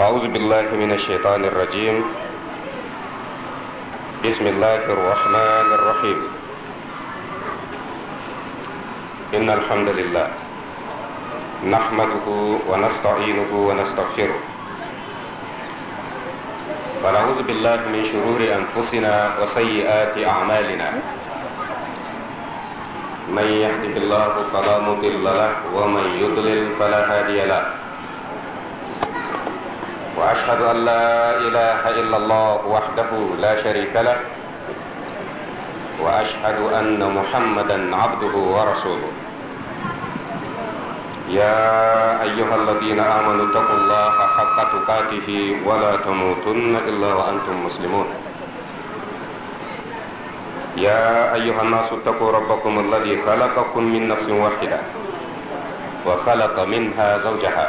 أعوذ بالله من الشيطان الرجيم بسم الله الرحمن الرحيم إن الحمد لله نحمده ونستعينه ونستغفره ونعوذ بالله من شرور أنفسنا وسيئات أعمالنا من يهده الله فلا مضل له ومن يضلل فلا هادي له واشهد ان لا اله الا الله وحده لا شريك له واشهد ان محمدا عبده ورسوله يا ايها الذين امنوا اتقوا الله حق تقاته ولا تموتن الا وانتم مسلمون يا ايها الناس اتقوا ربكم الذي خلقكم من نفس واحده وخلق منها زوجها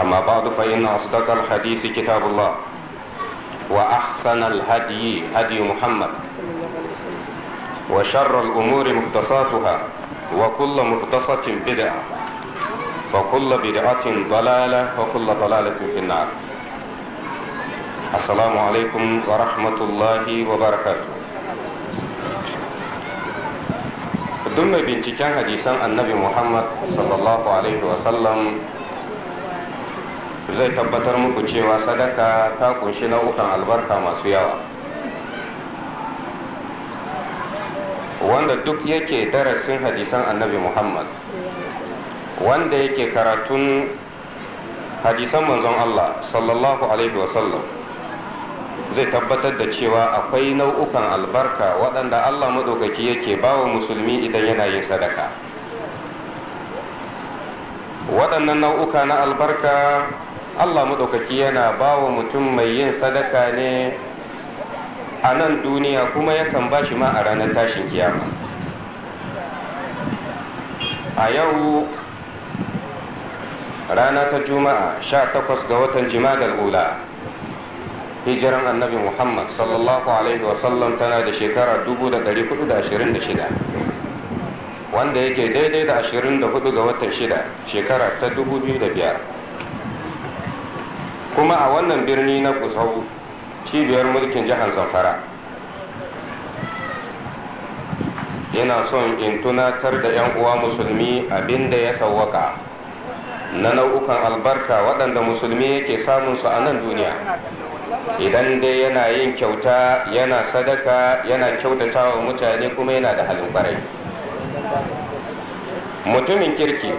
أما بعد فإن أصدق الحديث كتاب الله وأحسن الهدي هدي محمد وشر الأمور مختصاتها وكل مختصة بدعة وكل بدعة ضلالة وكل ضلالة في النار السلام عليكم ورحمة الله وبركاته duk mai binciken hadisan annabi Muhammad sallallahu Alaihi wasallam zai tabbatar muku cewa sadaka ta kunshi nau'ukan albarka masu yawa wanda duk yake darasin hadisan annabi muhammad wanda yake karatun hadisan manzon Allah sallallahu alaihi wasallam zai tabbatar da cewa akwai nau'ukan albarka waɗanda Allah maɗaukaki yake bawa musulmi idan yana yin sadaka waɗannan nau'uka na albarka Allah maɗaukaki yana ba wa mutum mai yin sadaka ne a nan duniya kuma yakan ba shi ma a ranar tashin kiyama a yau rana ta juma'a sha takwas ga watan jima'a ula hijiran annabi muhammad sallallahu alaihi wasallam tana da shekara 426 wanda yake daidai da 24 ga watan shida shekara ta 2005 kuma a wannan birni na kusau cibiyar mulkin jihar zamfara ina son in tunatar da 'yan uwa musulmi abin da ya sauwaka na nau'ukan albarka waɗanda musulmi yake samun su a nan duniya idan dai yana yin kyauta yana sadaka yana kyautata wa mutane kuma yana da halin barai mutumin kirki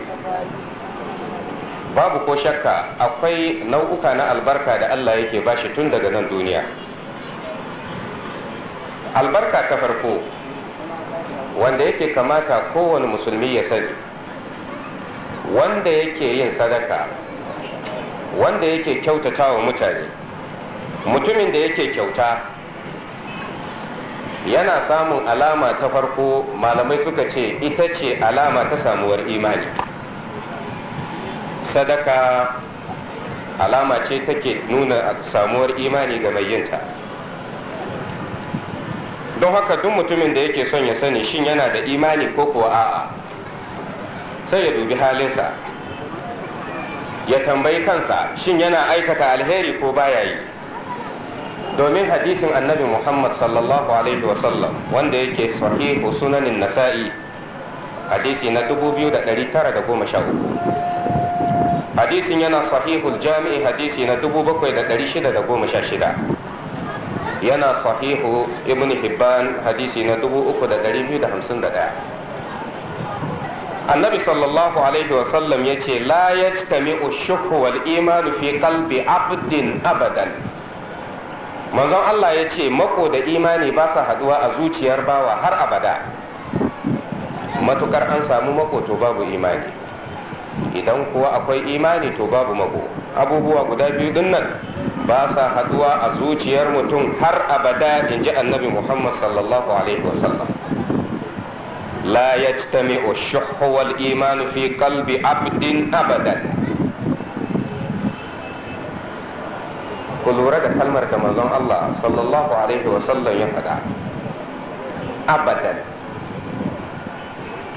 babu ko shakka akwai nau'uka na albarka da Allah yake bashi tun daga nan duniya albarka ta farko wanda yake kamata kowane musulmi ya sani wanda yake yin sadaka wanda yake kyautata wa mutane mutumin da yake kyauta yana samun alama ta farko malamai suka ce ita ce alama ta samuwar imani sadaka alama ce take nuna samuwar imani ga mai yinta don haka duk mutumin da yake son ya sani shin yana da imani ko kuwa a'a sai ya dubi halinsa ya tambayi kansa shin yana aikata alheri ko baya yi domin hadisin annabi muhammad sallallahu alaihi wasallam wanda yake sahihu sunanin nasa'i hadisi na 2913 hadisin yana sahihul jami'i hadisi na 7616 yana sahihu ibn hibban hadisi na 3251 annabi sallallahu alaihi wasallam ya ce la yajtami'u shukhu wal imanu fi qalbi abdin abadan manzon Allah ya ce mako da imani ba sa haduwa a zuciyar bawa har abada matukar an samu mako to babu imani idan kuwa akwai imani to babu mako abubuwa guda biyu din nan ba sa haduwa a zuciyar mutum har abada in ji annabi muhammad sallallahu alaihi wasallam لا يجتمع الشح والإيمان في قلب عبد أبدا kulura da kalmar da manzon Allah sallallahu alaihi wasallam ya faɗa abadan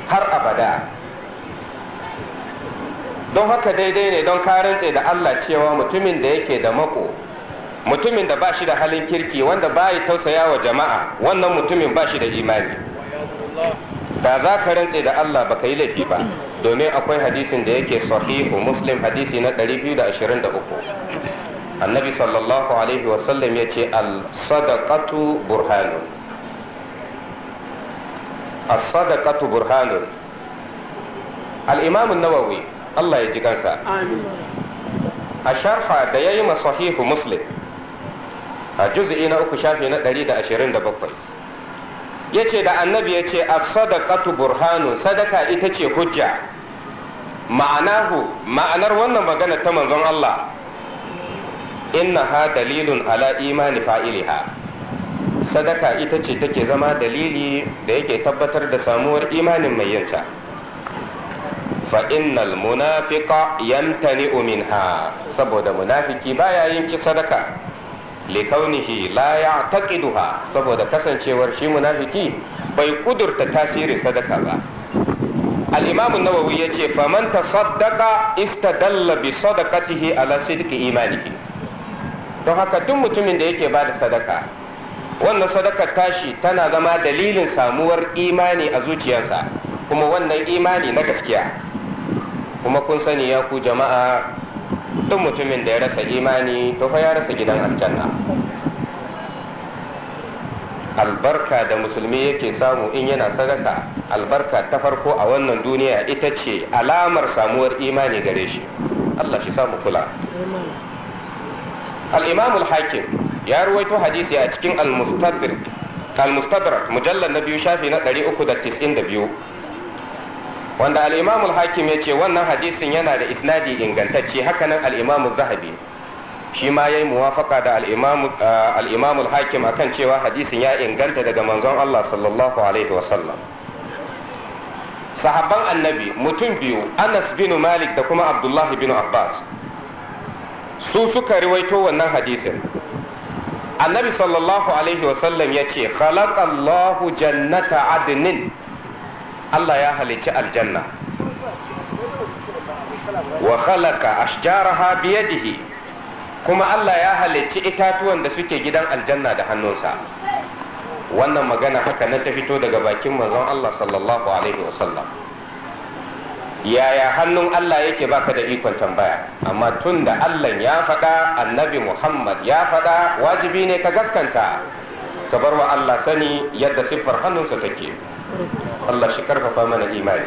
har abada don haka daidai ne don ka rantse da Allah cewa mutumin da yake da mako mutumin da ba shi da halin kirki wanda ba ya tausaya wa jama'a wannan mutumin ba shi da imani da za ka rantse da Allah ba ka yi laifi ba domin akwai hadisin da yake sahihu muslim hadisi na 223 annabi sallallahu alaihi wasallam ya ce al-sadaqatu burhanun as-sadaqatu burhanun al imamun nawawi Allah ya ji kansa a sharha da ya yi sahihu muslim a juz'i na uku shafi na bakwai, ya ce da annabi ya ce a sadaqatu burhanu sadaka ita ce hujja ma'anahu ma'anar wannan magana ta manzon Allah innaha dalilin ala imani fa'iliha sadaka ita ce take zama dalili da yake tabbatar da samuwar imanin mai yinta fa innal munafiqa yamtani'u minha saboda munafiki baya yin ki sadaka li kaunihi la ya'taqiduha saboda kasancewar shi munafiki bai ƙudurta tasirin sadaka ba al-imam an-nawawi yace faman tasaddaqa istadalla bi sadaqatihi ala sidqi imanihi don haka duk mutumin da yake bada sadaka wannan sadakar tashi tana zama dalilin samuwar imani a zuciyarsa kuma wannan imani na gaskiya kuma kun sani ya ku jama'a duk mutumin da ya rasa imani to fa ya rasa gidan aljanna albarka da musulmi yake samu in yana sadaka albarka ta farko a wannan duniya ita ce alamar samuwar imani gare shi Allah shi samu kula al-imam al-hakim ya ruwaito hadisi a cikin al-mustadrak al-mustadrak mujallal na biyu shafi na 392 wanda al hakim ya ce wannan hadisin yana da isnadi ingantacce hakanan al-Imam az-Zahabi shi ma yayi muwafaka da al uh, hakim akan cewa hadisin ya inganta daga manzon Allah sallallahu alaihi wasallam sahabban annabi mutum biyu Anas bin Malik da kuma Abdullah bin Abbas su suka riwaito wannan hadisin annabi sallallahu alaihi wasallam yace Allahu jannata adnin Allah ya halicci aljanna wa khalaqa ashjaraha biyadihi kuma Allah ya halicci itatuwan da suke gidan aljanna da hannunsa wannan magana haka na ta fito daga bakin manzon Allah sallallahu alaihi wasallam yaya hannun Allah yake baka da ikon tambaya amma tun da Allah ya faɗa annabi Muhammad ya faɗa wajibi ne ka gaskanta ka bar wa Allah sani yadda siffar hannunsa take Allah shi karfafa mana imani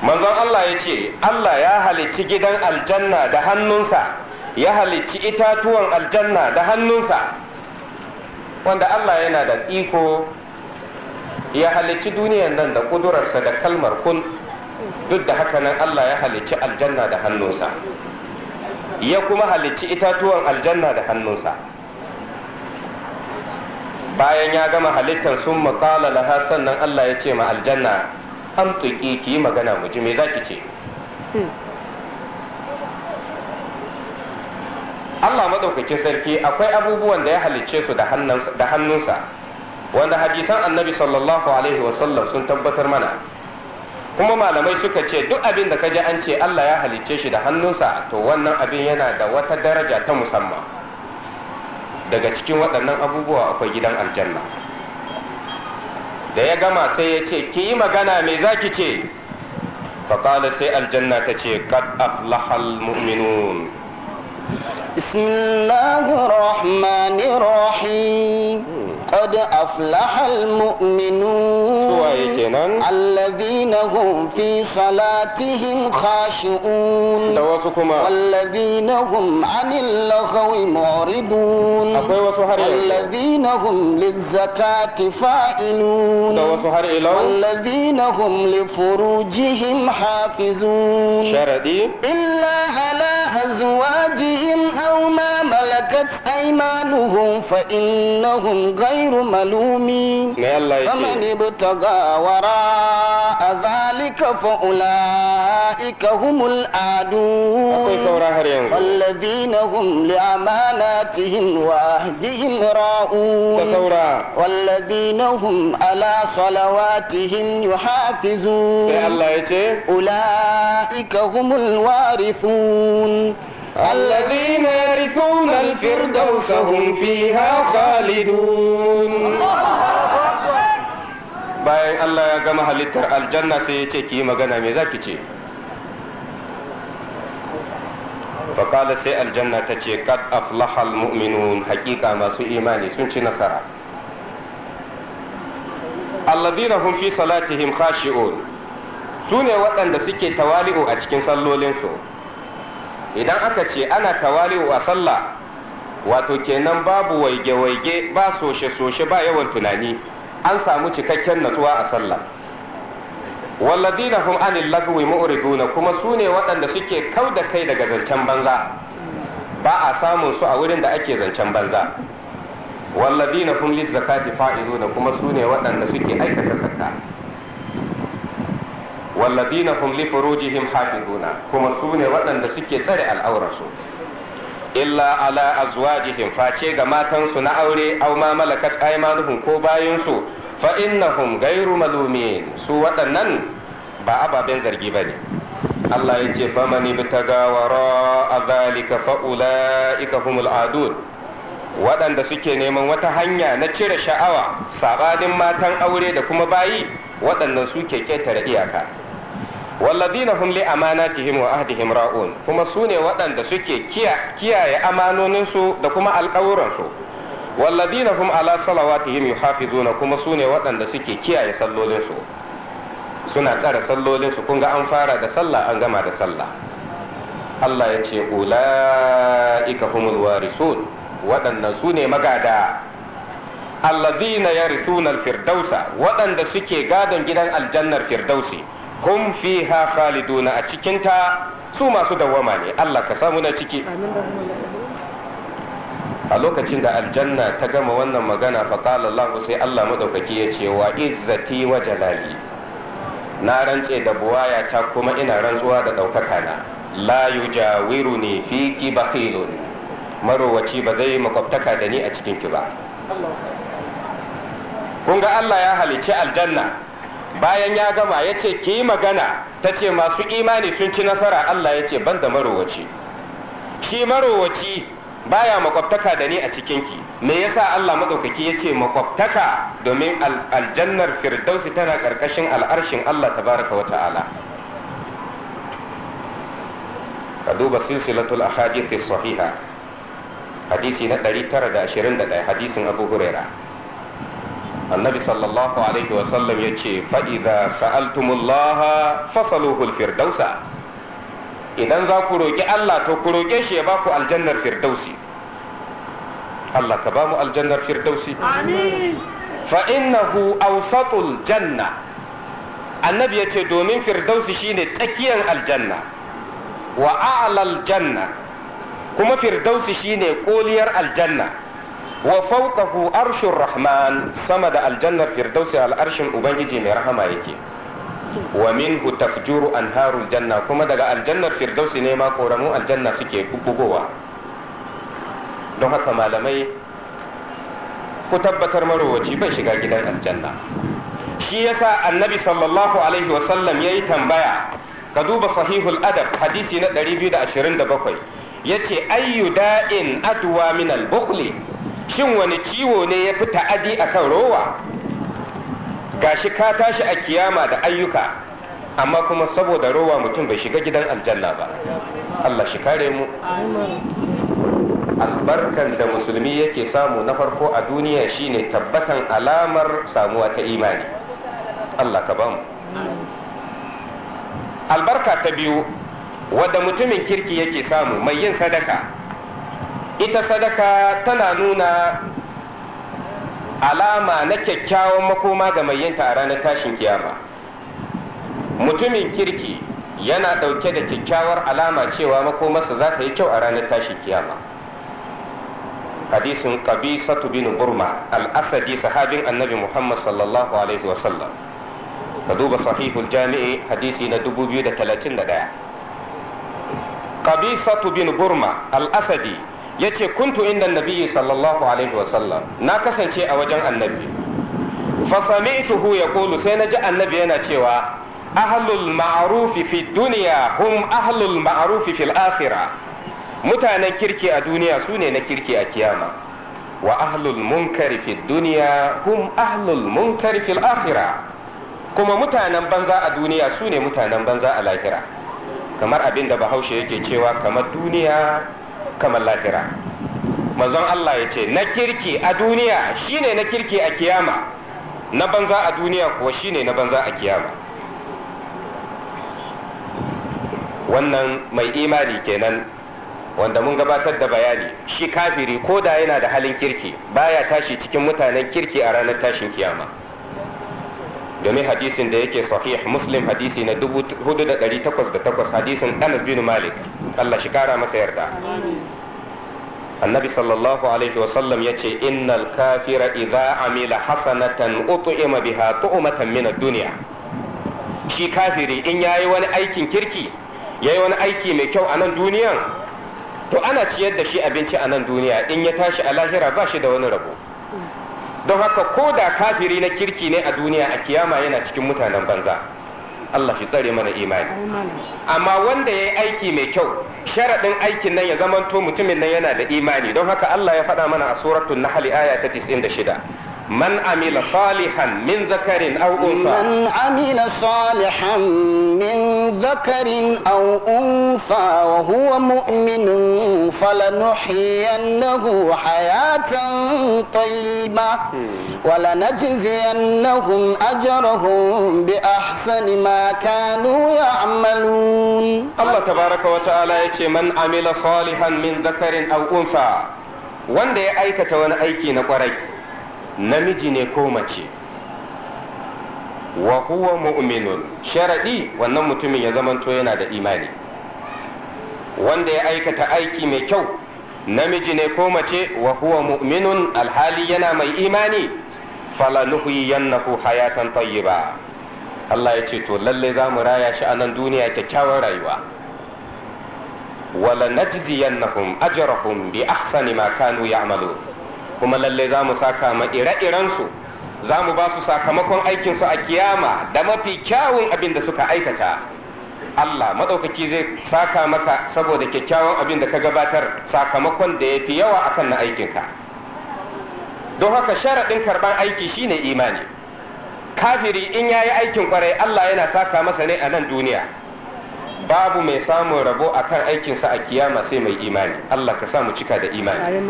manzon Allah ya ce Allah ya halicci gidan aljanna da hannunsa ya halicci itatuwan aljanna da hannunsa wanda Allah yana da iko ya halicci duniyan nan da kudurarsa da kalmar kun duk da haka nan Allah ya halicci aljanna da hannunsa ya kuma halicci itatuwan aljanna da hannunsa bayan ya gama halittar sun makala laha sannan Allah ya ce ma aljanna an tuki ki yi magana mu ji me za ki ce Allah madaukakin sarki akwai abubuwan da ya halicce su da hannunsa wanda hadisan annabi sallallahu alaihi wasallam sun tabbatar mana kuma malamai suka ce duk abin da ka je an ce Allah ya halicce shi da hannunsa to wannan abin yana da wata daraja ta musamman daga cikin waɗannan abubuwa akwai gidan aljanna da ya gama sai ya ce ki yi magana me za ki ce faƙala sai aljanna ta ce kad aflahal mu'minun بسم الله الرحمن قد أفلح المؤمنون الذين هم في صلاتهم خاشعون والذين هم عن اللغو معرضون والذين هم للزكاة فاعلون والذين هم لفروجهم حافظون إلا على أزواجهم أو ما ملكت أيمانهم فإنهم غير غير ملومين فمن ابتغى وراء ذلك فأولئك هم العادون والذين هم لأماناتهم وأهدهم راؤون والذين هم على صلواتهم يحافظون أولئك هم الوارثون الذين يرثون الفردوس هم فيها خالدون bayan Allah ya gama halittar aljanna sai ya ce ki yi magana me za ki ce faƙala sai aljanna ta ce kad aflahal mu'minun haƙiƙa masu imani sun ci nasara alladhina hum fi salatihim khashi'un su ne waɗanda suke tawali'u a cikin sallolinsu idan aka ce ana tawali'u a sallah wato kenan babu waige-waige ba soshe-soshe ba yawan tunani an samu cikakken natsuwa a sallah walladina hum anil lagwi mu'riduna kuma sune ne waɗanda suke kau da kai daga zancen banza ba a samun su a wurin da ake zancen banza walladina hum lizzakati fa'iduna kuma su ne waɗanda suke aikata zakka walladina hum li furujihim hafizuna kuma su ne waɗanda suke tsare al'auransu illa ala azwajihim face ga matansu na aure aw ma malakat aymanuhum ko bayansu fa innahum ghairu malumin su waɗannan ba ababen zargi bane Allah ya ce faman ibtaga wara zalika fa ulaika humul adun waɗanda suke neman wata hanya na cire sha'awa sabanin matan aure da kuma bayi waɗannan suke ketare iyaka walladina hum li amanatihim wa ahdihim ra'un kuma su waɗanda suke kiyaye amanoninsu da kuma alƙawuransu walladina hum ala salawatihim yuhafizuna kuma su waɗanda suke kiyaye sallolinsu suna tsara sallolinsu kun an fara da sallah an gama da sallah Allah ya ce ula'ika humul warisun waɗannan su ne magada allazina yarithuna alfirdausa waɗanda suke gadon gidan aljannar firdausi hum fiha khaliduna a cikinta su masu dawwama ne Allah ka samu na ciki a lokacin da aljanna ta gama wannan magana fa qala Allah sai Allah madaukaki ya ce wa izzati wa jalali na rantse da buwaya ta kuma ina rantsuwa da daukaka na la yujawiruni fi kibakhilun marowaci ba zai makwabtaka da ni a cikin ki ba kun ga Allah ya halice aljanna bayan ya gama ya ce ki yi magana ta ce masu imani sun ci nasara Allah ya ce ban da marowaci shi marowaci baya makwabtaka da ni a cikinki me yasa Allah maɗaukaki ya ce makwabtaka domin aljannar firdausi tana karkashin al'arshin Allah tabaraka wa ta'ala ka duba silsilatul ahadith sahiha hadisi na 921 hadisin Abu huraira annabi sallallahu alaihi wasallam ya ce fa'iza sa'altumullaha fasaluhul firdausa idan za ku roƙi Allah to ku roƙe shi ya ba ku aljannar firdausi Allah ka ba mu aljannar firdausi fa'innahu awsatul janna annabi yace ce domin firdausi shine tsakiyar aljanna wa a'lal janna kuma firdausi shine koliyar aljanna wa fawqahu arshur rahman sama da aljannar firdausi al'arshin ubangiji mai rahama yake wa minhu tafjuru anharul janna kuma daga aljannar firdausi ne ma koramu aljanna suke bugowa don haka malamai ku tabbatar marowaci bai shiga gidan aljanna shi yasa annabi sallallahu alaihi wa sallam yayi tambaya ka duba sahihul adab hadisi na 227 yace ayyu da'in adwa min al-bukhli shin wani ciwo ne ya fi ta'adi akan rowa gashi ka tashi a kiyama da ayyuka amma kuma saboda rowa mutum bai shiga gidan aljanna ba Allah shi kare mu albarkan da musulmi yake samu na farko a duniya shine tabbatan alamar samuwa ta imani Allah ka bamu albarka ta biyu wadda mutumin kirki yake samu mai yin sadaka ita sadaka tana nuna alama na kyakkyawan makoma ga mai yanta a ranar tashin kiyama mutumin kirki yana ɗauke da kyakkyawar alama cewa makomarsa za ta yi kyau a ranar tashin kiyama hadisin qabisatu bin burma al sahabin annabi muhammad sallallahu alaihi wasallam ka duba sahihul jami'i hadisi na 2031 qabisatu bin burma alasadi yace kuntu inda nabiyyi sallallahu alaihi wasallam na kasance a wajen annabi fa ya kulu sai na ji annabi yana cewa ahlul ma'rufi fi duniya hum ahlul ma'rufi fil akhirah mutanen kirki a duniya su ne na kirki a kiyama wa ahlul munkari fi duniya hum ahlul munkari fil akhirah kuma mutanen banza a duniya su ne mutanen banza a lahira kamar abin da bahaushe yake cewa kamar duniya kamar lahira manzon Allah ya ce na kirki a duniya shine na kirki a kiyama na banza a duniya kuwa shine na banza a kiyama wannan mai imani kenan wanda mun gabatar da bayani shi kafiri ko da yana da halin kirki baya tashi cikin mutanen kirki a ranar tashin kiyama domin hadisin da yake sahih muslim hadisi na 4808 hadisin Anas bin Malik Allah shi kara masa yarda annabi sallallahu alaihi wasallam ya ce innal kafira idza amila hasanatan ut'ima biha tu'matan min ad-dunya shi kafiri in yayi wani aikin kirki yayi wani aiki mai kyau a nan duniyan to ana ciyar da shi abinci a nan duniya in ya tashi a lahira ba shi da wani rabo don haka ko da kafiri na kirki ne a duniya a kiyama yana cikin mutanen banza Allah shi tsare mana imani amma wanda ya yi aiki mai kyau sharaɗin aikin nan ya zamanto mutumin nan yana da imani don haka Allah ya faɗa mana a na hali aya ta 96 من عمل صالحا من ذكر أو أنثى من عمل صالحا من ذكر أو أنثى وهو مؤمن فلنحيينه حياة طيبة ولنجزينهم أجرهم بأحسن ما كانوا يعملون الله تبارك وتعالى يتي من عمل صالحا من ذكر أو أنثى وان دي أيكة وان أيكي نقرأ namiji ne ko mace wa huwa mu'minun sharadi wannan mutumin ya zamanto yana da imani wanda ya aikata aiki mai kyau namiji ne ko mace wa huwa mu'minun alhali yana mai imani fala nuhyiyannahu hayatan tayyiba Allah ya ce to lalle za mu raya shi a nan duniya kyakkyawar rayuwa wala najziyannahum ajrahum bi ahsani ma kanu ya'malun kuma lalle za mu saka ma ire-irensu za mu ba su sakamakon aikinsu a kiyama da mafi kyawun abin da suka aikata Allah maɗaukaki zai saka maka saboda kyakkyawan abin da ka gabatar sakamakon da ya fi yawa akan na aikinka don haka sharaɗin karɓar aiki shine imani kafiri in ya yi aikin kwarai Allah yana saka masa ne a nan duniya babu mai samun rabo akan aikinsa a kiyama sai mai imani Allah ka samu cika da imani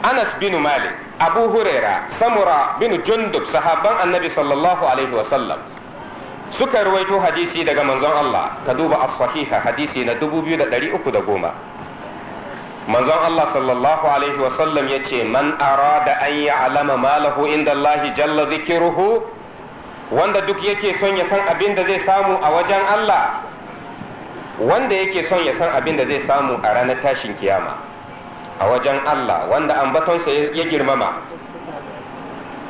Anas bin Malik, Abu Huraira, Samura bin Jundu sahaban Annabi sallallahu alaihi wasallam suka ruwaito hadisi daga manzon Allah ka duba as-sahiha hadisi na 2310 manzon Allah sallallahu alaihi wasallam yace man arada an ya'lama malahu inda Allah jalla dhikruhu wanda duk yake son ya san abin da zai samu a wajen Allah wanda yake son ya san abin da zai samu a ranar tashin kiyama a wajen Allah wanda ambatonsa ya girmama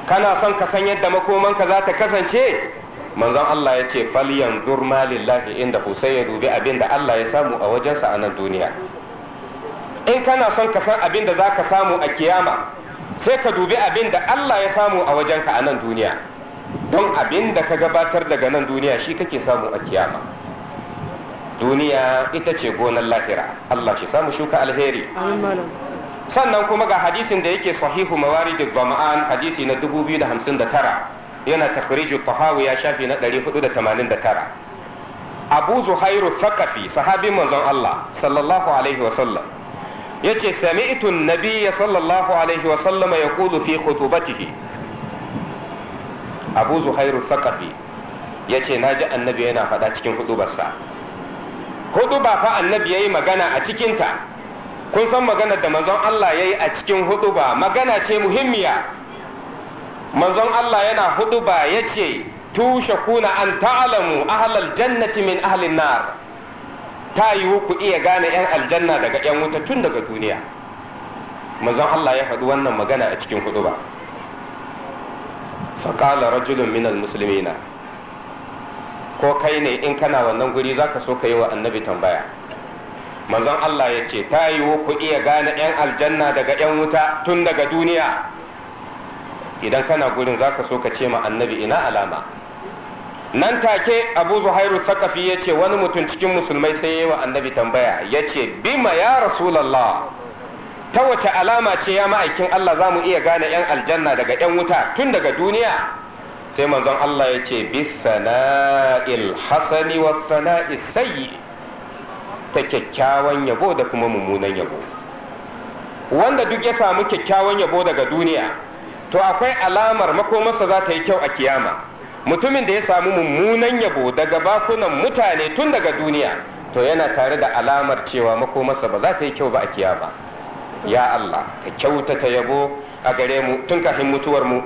kana son ka san yadda makomanka za ta kasance manzon Allah ya ce fal yanzur lillahi inda sai ya dubi abin da Allah ya samu a wajensa a nan duniya in kana son ka san abin da za ka samu a kiyama sai ka dubi abin da Allah ya samu a wajenka a nan duniya don abin da ka gabatar daga nan duniya shi kake samu a kiyama duniya ita ce gonar lahira Allah shi samu shuka alheri sannan kuma ga hadisin da yake sahihu mawaridul Bama'an hadisi na 259 yana takhriju tahawi ya shafi na 489 Abu Zuhairu Thaqafi sahabin manzon Allah sallallahu alaihi wa sallam yace sami'tu an-nabiy sallallahu alaihi wa sallama yaqulu fi khutubatihi Abu Zuhairu Thaqafi yace naji annabi yana faɗa cikin hudubarsa hudu ba fa annabi yayi magana a cikinta kun san magana da manzon Allah yayi a cikin huduba magana ce muhimmiya manzon Allah yana hudu ba yace tushe kuna an ta'lamu ahlal jannati min ahlin nar ta yiwu ku iya gane yan aljanna daga yan wuta tun daga duniya manzon Allah ya faɗi wannan magana a cikin hudu ba فقال رجل من المسلمين ko kai ne in kana wannan guri zaka so ka yi wa annabi tambaya manzon Allah ya ce ta yiwu ku iya gane 'yan aljanna daga 'yan wuta tun daga duniya idan kana gurin zaka so ka ce ma annabi ina alama nan take abu zuhairu sakafi ya ce wani mutum cikin musulmai sai yi wa annabi tambaya ya ce bima ya rasulallah ta wace alama ce ya ma'aikin Allah za mu iya gane 'yan aljanna daga 'yan wuta tun daga duniya sai manzon Allah ya ce bis sana'il hasani wa sana'i sayyi ta kyakkyawan yabo da kuma mummunan yabo wanda duk ya samu kyakkyawan yabo daga duniya to akwai alamar makomarsa za ta yi kyau a kiyama mutumin da ya samu mummunan yabo daga bakunan mutane tun daga duniya to yana tare da alamar cewa makomarsa ba za ta yi kyau ba a kiyama ya Allah ka kyautata yabo a gare mu tun kafin mutuwar mu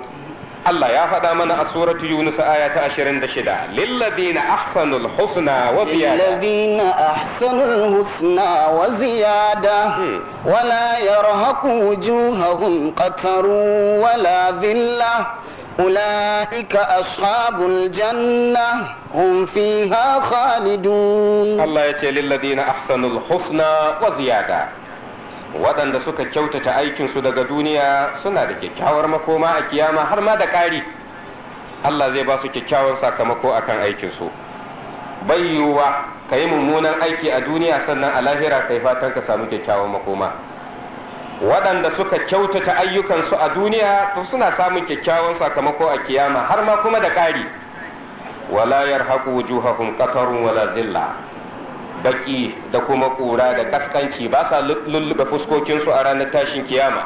Allah ya faɗa mana a suratu Yunus aya ta 26 lilladina ahsanul husna wa ziyada lilladina ahsanul husna wa ziyada wa la yarhaqu wujuhahum qatarun wa la dhillah أولئك أصحاب الجنة هم فيها خالدون الله يتي للذين أحسنوا الحسنى وزيادة waɗanda suka kyautata aikinsu daga duniya suna da kyakkyawar makoma a kiyama har ma da ƙari Allah zai ba su kyakkyawan sakamako a kan aikinsu bai yiwuwa ka yi mummunan aiki a duniya sannan a lahira ka yi fatan ka samu kyakkyawan makoma waɗanda suka kyautata ayyukansu a duniya to suna samun kyakkyawan sakamako a kiyama har ma kuma da ƙari wala yarhaqu wujuhahum qatarun wala zillah baki da kuma kura da kaskanci ba sa lullube fuskokinsu a ranar tashin kiyama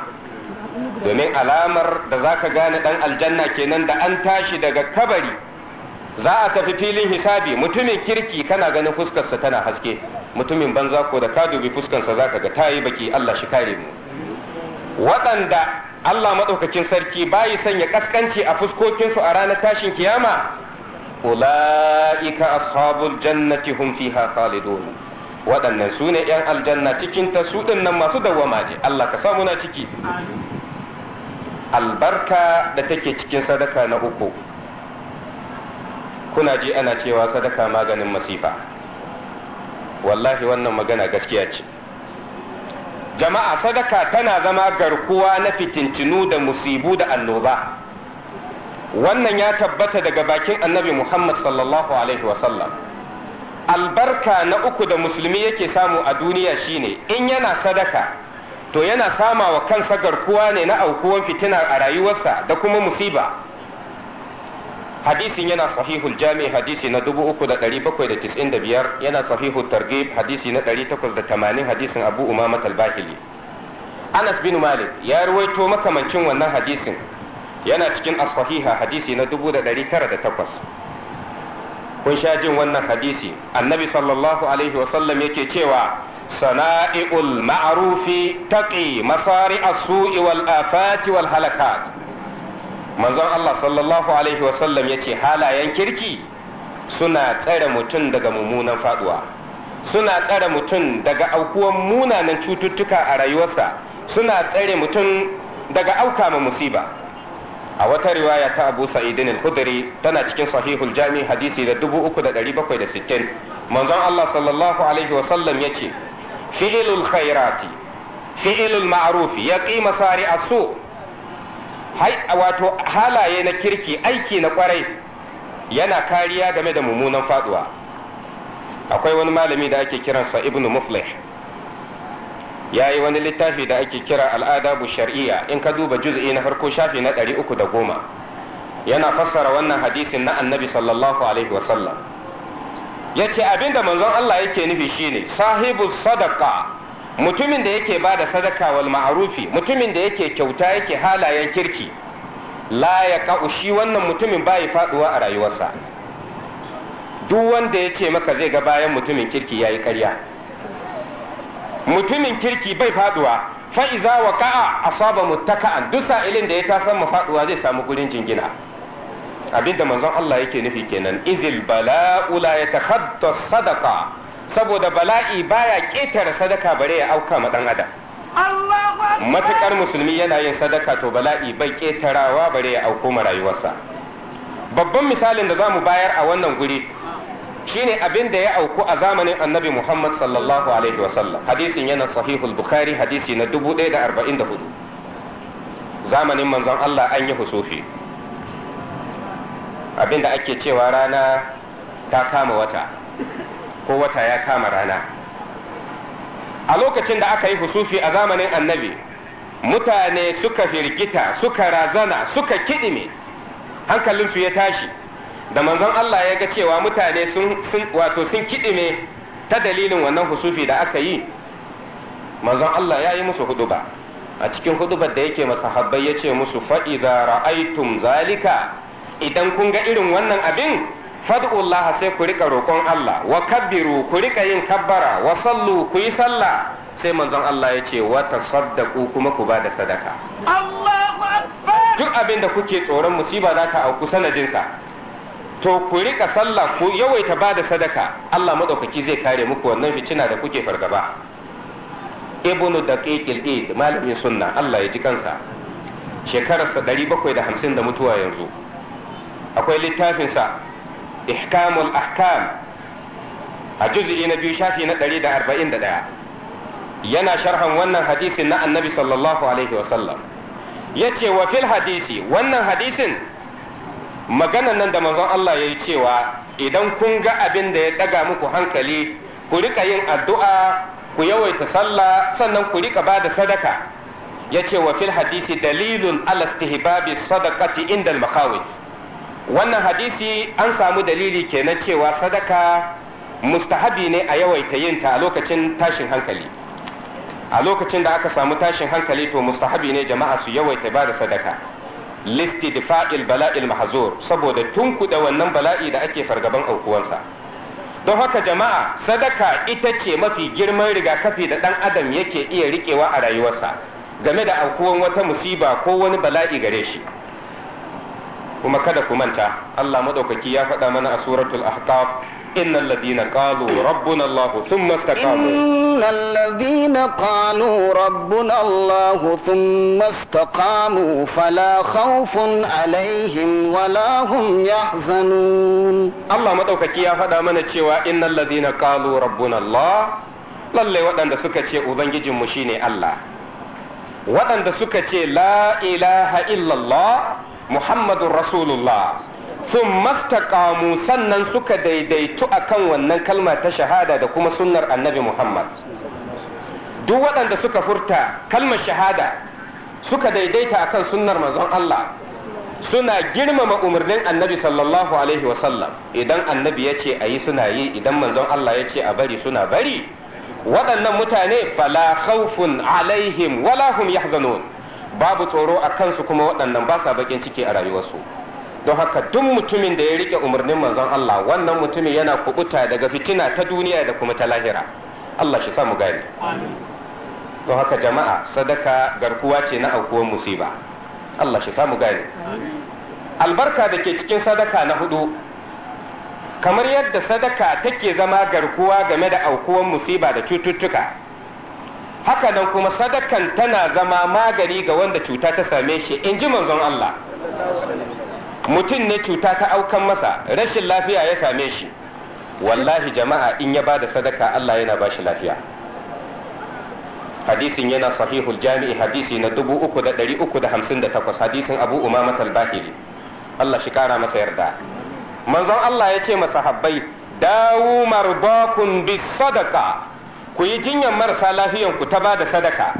domin alamar da za ka gane ɗan aljanna kenan da an tashi daga kabari za a tafi filin hisabi mutumin kirki kana ganin fuskarsa tana haske mutumin banza ko da ka dubi fuskarsa za ka ga ta yi baki Allah shi kare mu waɗanda Allah maɗaukakin sarki bayi sanya kaskanci a fuskokinsu a ranar tashin kiyama ulaika أصحاب Jannati هم فيها waɗannan sune ‘yan aljanna cikin ta su nan masu dawwama ne Allah ka sa muna ciki albarka da take cikin sadaka na uku kuna ji ana cewa sadaka maganin masifa wallahi wannan magana gaskiya ce jama'a sadaka tana zama garkuwa na fitintinu da musibu da annoba wannan ya tabbata daga bakin annabi Muhammad sallallahu alaihi wasallam albarka na uku da musulmi yake samu a duniya shine in yana sadaka to yana sama wa kansa garkuwa ne na aukuwan fitina a rayuwarsa da kuma musiba hadisin yana sahihul jami hadisi na 3795 yana sahihul targhib hadisi na 880 hadisin abu umama Talbahili. Anas bin Malik ya ruwaito makamancin wannan hadisin yana cikin as hadisi na 1908 kun sha jin wannan hadisi annabi sallallahu alaihi wasallam yake cewa sana'i'ul ma'rufi taqi masari as-su'i wal afati wal halakat manzon Allah sallallahu alaihi wasallam yace halayen kirki suna tsare mutum daga mummunan faduwa suna tsare mutum daga aukuwan munanan cututtuka a rayuwarsa suna tsare mutum daga auka ma musiba a wata riwaya ta Abu Sa'idin al-Khudri tana cikin sahihul Jami hadisi da 3760 manzon Allah sallallahu alaihi wa sallam yace fi'ilul khairati fi'ilul ma'ruf yaqi masari asu wato halaye na kirki aiki na kwarai yana kariya game da mummunan faduwa akwai wani malami da ake kiransa Ibn Muflih ya yi wani littafi da ake kira bu shar'iyya in ka duba juz'i na farko shafi na ɗari uku da goma yana fassara wannan hadisin na annabi sallallahu alaihi wa sallam. ya ce abinda manzon Allah yake nufi shine sahibu sadaka mutumin da yake ba da sadaka wal ma'arufi mutumin da yake kyauta yake halayen kirki la ya shi wannan mutumin bai faduwa a rayuwarsa duk wanda ya ce maka zai ga bayan mutumin kirki yayi ƙarya mutumin kirki bai faduwa fa iza waqa'a asaba muttaka'an duk sa'ilin da ya san mu faduwa zai samu gurin jingina abinda manzon Allah yake nufi kenan izil bala'u la yatakhatta sadaqa saboda bala'i baya ketare sadaka bare ya auka ma dan adam matukar musulmi yana yin sadaka to bala'i bai ketarawa bare ya auko ma rayuwarsa babban misalin da zamu bayar a wannan guri shine abinda ya auku a zamanin annabi Muhammad sallallahu alaihi wasallam hadisin yana sahihul bukhari hadisi na 1044 zamanin manzon Allah an yi husufi abin ake cewa rana ta kama wata ko wata ya kama rana a lokacin da aka yi husufi a zamanin annabi mutane suka firgita suka razana suka kiɗime hankalinsu ya tashi da manzon Allah ya ga cewa mutane sun wato sun kiɗime ta dalilin wannan husufi da aka yi manzon Allah ya yi musu huduba a cikin hudubar da yake masahabbai ya ce musu fa'iza ra'aitum zalika idan kun ga irin wannan abin fad'ullah sai ku rika roƙon Allah wa kabbiru ku rika yin kabbara wa sallu ku yi sallah sai manzon Allah ya ce wa tasaddaqu kuma ku ba da sadaka Allahu akbar duk abin da kuke tsoron musiba za ta auku sanadinsa to ku rika sallah ku yawaita ba da sadaka Allah madaukaki zai kare muku wannan fitina da kuke fargaba Ibn daqiqil id malamin sunna Allah ya ji kansa shekararsa 750 da mutuwa yanzu akwai littafinsa ihkamul ahkam a juz'i na biyu shafi na 141 yana sharhan wannan hadisin na annabi sallallahu alaihi wasallam yace wa fil hadisi wannan hadisin maganan nan da manzon Allah ya yi cewa idan kun ga abin da ya ɗaga muku hankali ku rika yin addu'a ku yawaita sallah sannan ku rika ba da sadaka ya ce wa fil hadisi dalilun alastihibabi sadakati inda makawai. wannan hadisi an samu dalili kenan cewa sadaka mustahabi ne a yawaita yinta a lokacin tashin hankali a lokacin da aka samu tashin hankali to mustahabi ne jama'a su yawaita ba da sadaka listi fa'il bala'il mahzur saboda tunkuda wannan bala'i da ake fargaban aukuwansa don haka jama'a sadaka ita ce mafi girman rigakafi da ɗan adam yake iya rikewa a rayuwarsa game da aukuwan wata musiba ko wani bala'i gare shi kuma kada ku manta Allah maɗaukaki ya faɗa mana a suratul ahqaf innal ladina qalu rabbuna Allah thumma istaqamu إن الذين قالوا ربنا الله ثم استقاموا فلا خوف عليهم ولا هم يحزنون الله مدوكك يا فدا من تشوا إن الذين قالوا ربنا الله lallai waɗanda suka ce Ubangijinmu shine Allah waɗanda suka ce la ilaha illallah Muhammadun Rasulullah sun mastaƙamu sannan suka daidaitu akan wannan kalma ta shahada da kuma sunnar annabi Muhammad. Duk waɗanda suka furta kalmar shahada suka daidaita akan sunnar manzon Allah suna girmama umarnin annabi sallallahu alaihi wasallam idan annabi ya ce a yi suna yi idan manzon Allah ya ce a bari suna bari waɗannan mutane fala khawfun alaihim wala hum yahzanun babu tsoro a kansu kuma waɗannan ba sa bakin ciki a rayuwarsu. don haka duk mutumin da ya rike umarnin manzon Allah wannan mutumin yana kubuta daga fitina ta duniya da kuma ta lahira Allah shi mu gane don haka jama'a sadaka garkuwa ce na aukuwar musiba Allah shi mu gane albarka da ke cikin sadaka na hudu kamar yadda sadaka take zama garkuwa game da aukuwar musiba da cututtuka haka nan kuma sadakan tana zama magani ga wanda cuta ta same shi in ji manzon Allah mutum ne cuta ta aukan masa rashin lafiya ya same shi wallahi jama'a in ya bada sadaka Allah yana ba shi lafiya hadisin yana sahihul jami'i hadisi na 3358 hadisin Abu Umama al-Bahili Allah shi kara masa yarda manzon Allah ya ce masahabbai dawu marbakun bis sadaka ku yi jinyar marasa lafiyanku ku ta bada sadaka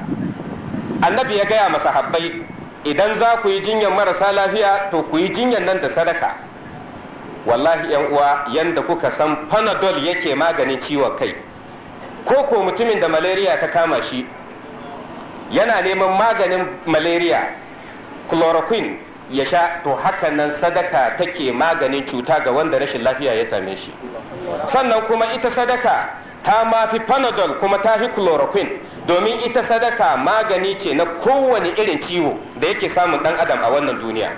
annabi ya gaya masahabbai idan za ku yi jinyar marasa lafiya to ku yi jinyar nan da sadaka wallahi yan uwa yanda kuka san panadol yake maganin ciwon kai ko ko mutumin da malaria ta kama shi yana neman maganin malaria chloroquine ya sha to hakan nan sadaka take maganin cuta ga wanda rashin lafiya ya same shi sannan kuma ita sadaka ta mafi panadol kuma ta fi chloroquine domin ita sadaka magani ce na kowane irin ciwo da yake samun dan adam a wannan duniya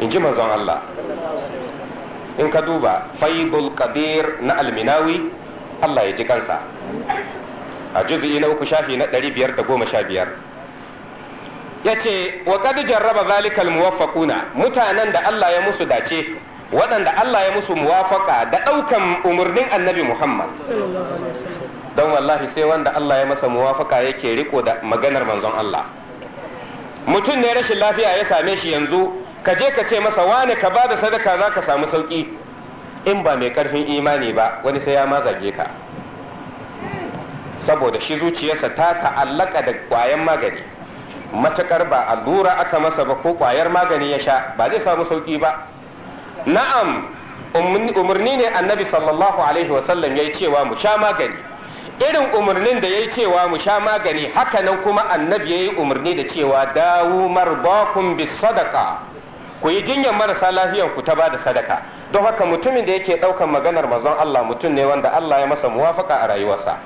in ji manzon Allah in ka duba faidul qadir na alminawi Allah ya ji kansa a juz'i na uku shafi na 515 yace wa kadijar jarraba zalikal almuwaffaquna mutanen da Allah ya musu dace waɗanda Allah ya musu muwafaƙa da ɗaukan umarnin annabi Muhammad don wallahi sai wanda Allah ya masa muwafaƙa yake riko da maganar manzon Allah mutum ne rashin lafiya ya same shi yanzu ka je ka ce masa wane ka bada sadaka za ka samu sauƙi. in ba mai ƙarfin imani ba wani sai ya mazage ka saboda shi zuciyarsa ta ta'allaka da ƙwayan magani matakar ba allura aka masa ba ko ƙwayar magani ya sha ba zai samu sauƙi ba na'am umarni ne annabi sallallahu alaihi wasallam ya yi cewa mu sha magani irin umarnin da ya yi cewa mu sha magani haka nan kuma annabi ya yi umarni da cewa dawu marbakun bis sadaka ku yi jinyar marasa lafiyan ku ta ba da sadaka don haka mutumin da yake ɗaukan maganar mazan Allah mutum ne wanda Allah ya masa muwafaka a rayuwarsa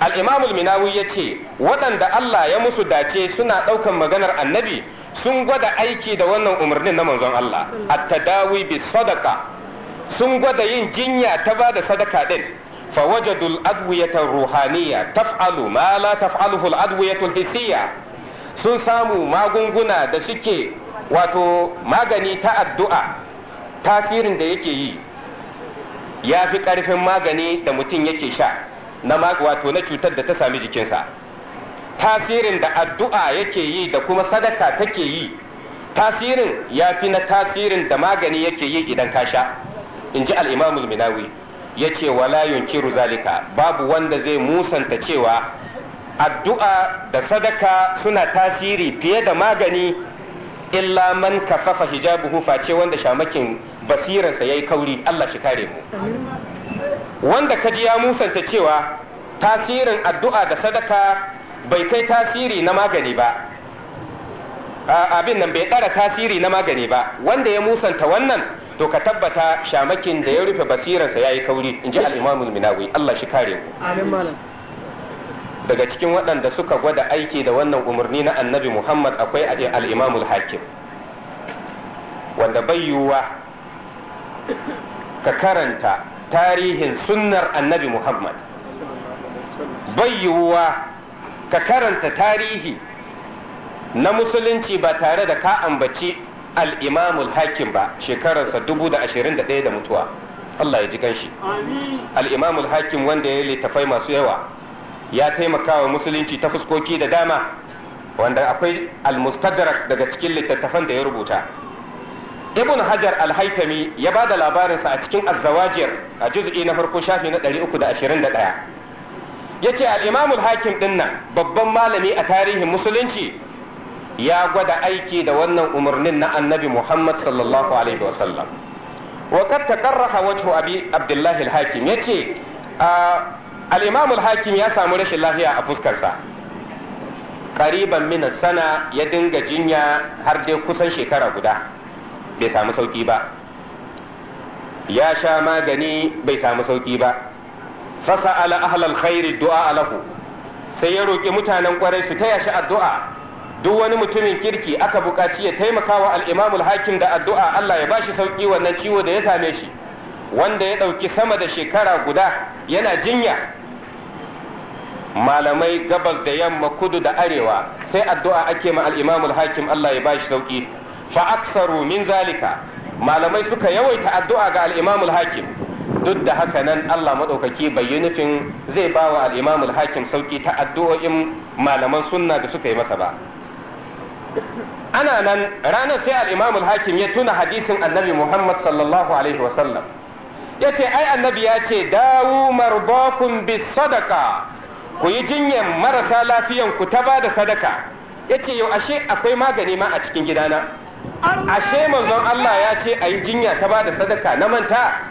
al'imamul minawi ya ce waɗanda Allah ya musu dace suna ɗaukan maganar annabi sun gwada aiki da wannan umarnin na manzon Allah at-tadawi bi sadaka sun gwada yin jinya ta ba da sadaka din fa wajadul adwiyata ruhaniya taf'alu ma la taf'aluhu al-adwiyatu sun samu magunguna da suke wato magani ta addu'a tasirin da yake yi ya fi ƙarfin magani da mutum yake sha na wato na cutar da ta sami jikinsa tasirin da addu'a yake yi da kuma sadaka take yi tasirin ya fi na tasirin da magani yake yi idan ka sha in ji al'imamul minawi ya ce wala yunkiru zalika babu wanda zai musanta cewa addu'a da sadaka suna tasiri fiye da magani illa man kafafa hijabuhu face wanda shamakin basirarsa ya yi kauri Allah shi kare mu wanda ka ji ya musanta cewa tasirin addu'a da sadaka bai kai tasiri na magani ba abin nan bai tsara tasiri na magani ba wanda ya musanta wannan to ka tabbata shamakin da ya rufe basirarsa ya yi kauri in ji al'imamul minawi Allah shi kare mu daga cikin waɗanda suka gwada aiki da wannan umarni na annabi muhammad akwai al'imamul hakim wanda bai yiwuwa ka karanta tarihin sunnar annabi Muhammad bai yiwuwa ka karanta tarihi na musulunci ba tare da ka ambaci al'imamul hakim ba shekararsa dubu da da ɗaya da mutuwa Allah ya ji ganshi al'imamul hakim wanda ya littafai masu yawa ya taimaka wa musulunci ta fuskoki da dama wanda akwai al daga cikin littattafan da ya rubuta ibn hajar al-haitami ya ba da labarinsa a cikin azzawajir a juz'i na farko shafi na 321 da al-imam al-hakim dinnan babban malami a tarihin musulunci ya gwada aiki da wannan umarnin na annabi muhammad sallallahu alaihi wa qad taqarraha wajhu abi abdullah al-hakim yace al-imam al-hakim ya samu rashin lafiya a fuskarsa Kariban min sana ya dinga jinya har dai kusan shekara guda bai samu sauki ba ya sha magani bai samu sauki ba fasa ala ahlal khairi du'a alahu sai ya roƙi mutanen kwarai su taya shi addu'a duk wani mutumin kirki aka bukaci ya taimakawa al hakim da addu'a Allah ya bashi sauki wannan ciwo da ya same shi wanda ya ɗauki sama da shekara guda yana jinya malamai gabas da yamma kudu da arewa sai addu'a ake ma al hakim Allah ya bashi sauki fa aksaru min zalika malamai suka yawaita addu'a ga al-Imam al-Hakim duk da haka nan Allah madaukaki bai yi nufin zai ba wa al-Imam al-Hakim sauki ta addu'o'in malaman sunna da suka yi masa ba ana nan ranar sai al-Imam al-Hakim ya tuna hadisin Annabi Muhammad sallallahu alaihi wa sallam yace ai Annabi ya ce dawu marbakum bis sadaqa ku yi jinyan marasa lafiyan ku ta ba da sadaka yace yau ashe akwai magani ma a cikin gidana ashe manzon Allah ya ce a yi jinya ta ba da sadaka na manta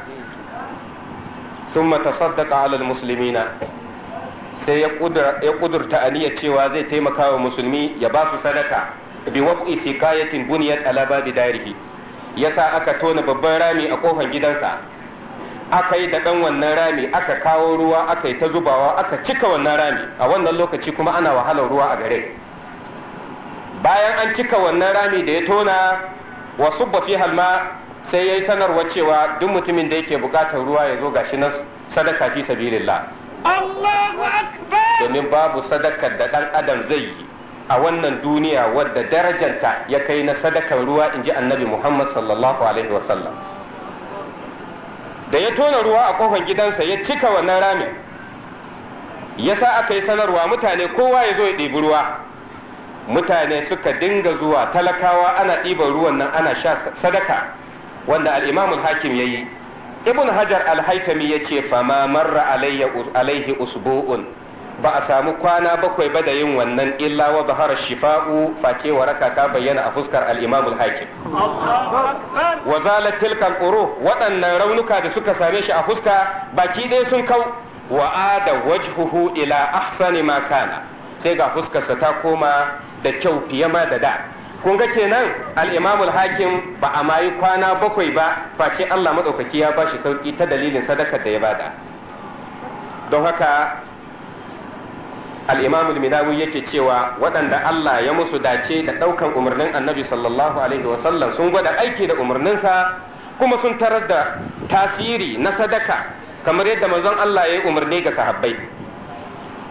sun mata sadaka alal musulmina sai ya kudurta aniyar cewa zai taimaka wa musulmi ya ba su sadaka bi waƙi sikayatin buniyat ala babi darihi sa aka tona babban rami a kofar gidansa aka yi da ɗan wannan rami aka kawo ruwa aka yi ta zubawa aka cika wannan rami a wannan lokaci kuma ana wahalar ruwa a gare bayan an cika wannan rami da ya tona wa subba fi halma sai yayi sanarwa cewa duk mutumin da yake bukatar ruwa ya zo gashi na sadaka fi sabilillah Allahu akbar domin babu sadakar da dan adam zai yi a wannan duniya wadda darajanta ya kai na sadakar ruwa inji annabi Muhammad sallallahu alaihi wa sallam. da ya tona ruwa a kofar gidansa ya cika wannan rami ya sa aka yi sanarwa mutane kowa ya zo ya ɗebi ruwa mutane suka dinga zuwa talakawa ana ɗiban ruwan nan ana sha sadaka wanda al'imamul hakim ya yi ibn hajar al-haitami ya ce fama marra alaihi usbu'un ba a samu kwana bakwai ba da yin wannan illa wa bahar shifa'u face waraka ta bayyana a fuskar al-imamul hakim wa zalat waɗannan raunuka da suka same shi a fuska baki ɗaya sun kau wa ada wajhuhu ila ahsani ma sai ga fuskarsa ta koma da kyau fiye ma da da kun ga kenan al hakim ba a mayi kwana bakwai ba face Allah madaukaki ya bashi sauki ta dalilin sadakar da ya bada don haka al minawi yake cewa waɗanda Allah ya musu dace da ɗaukan umarnin annabi sallallahu alaihi wasallam sun gwada aiki da umarninsa kuma sun tarar da tasiri na sadaka kamar yadda manzon Allah ya yi umarni ga sahabbai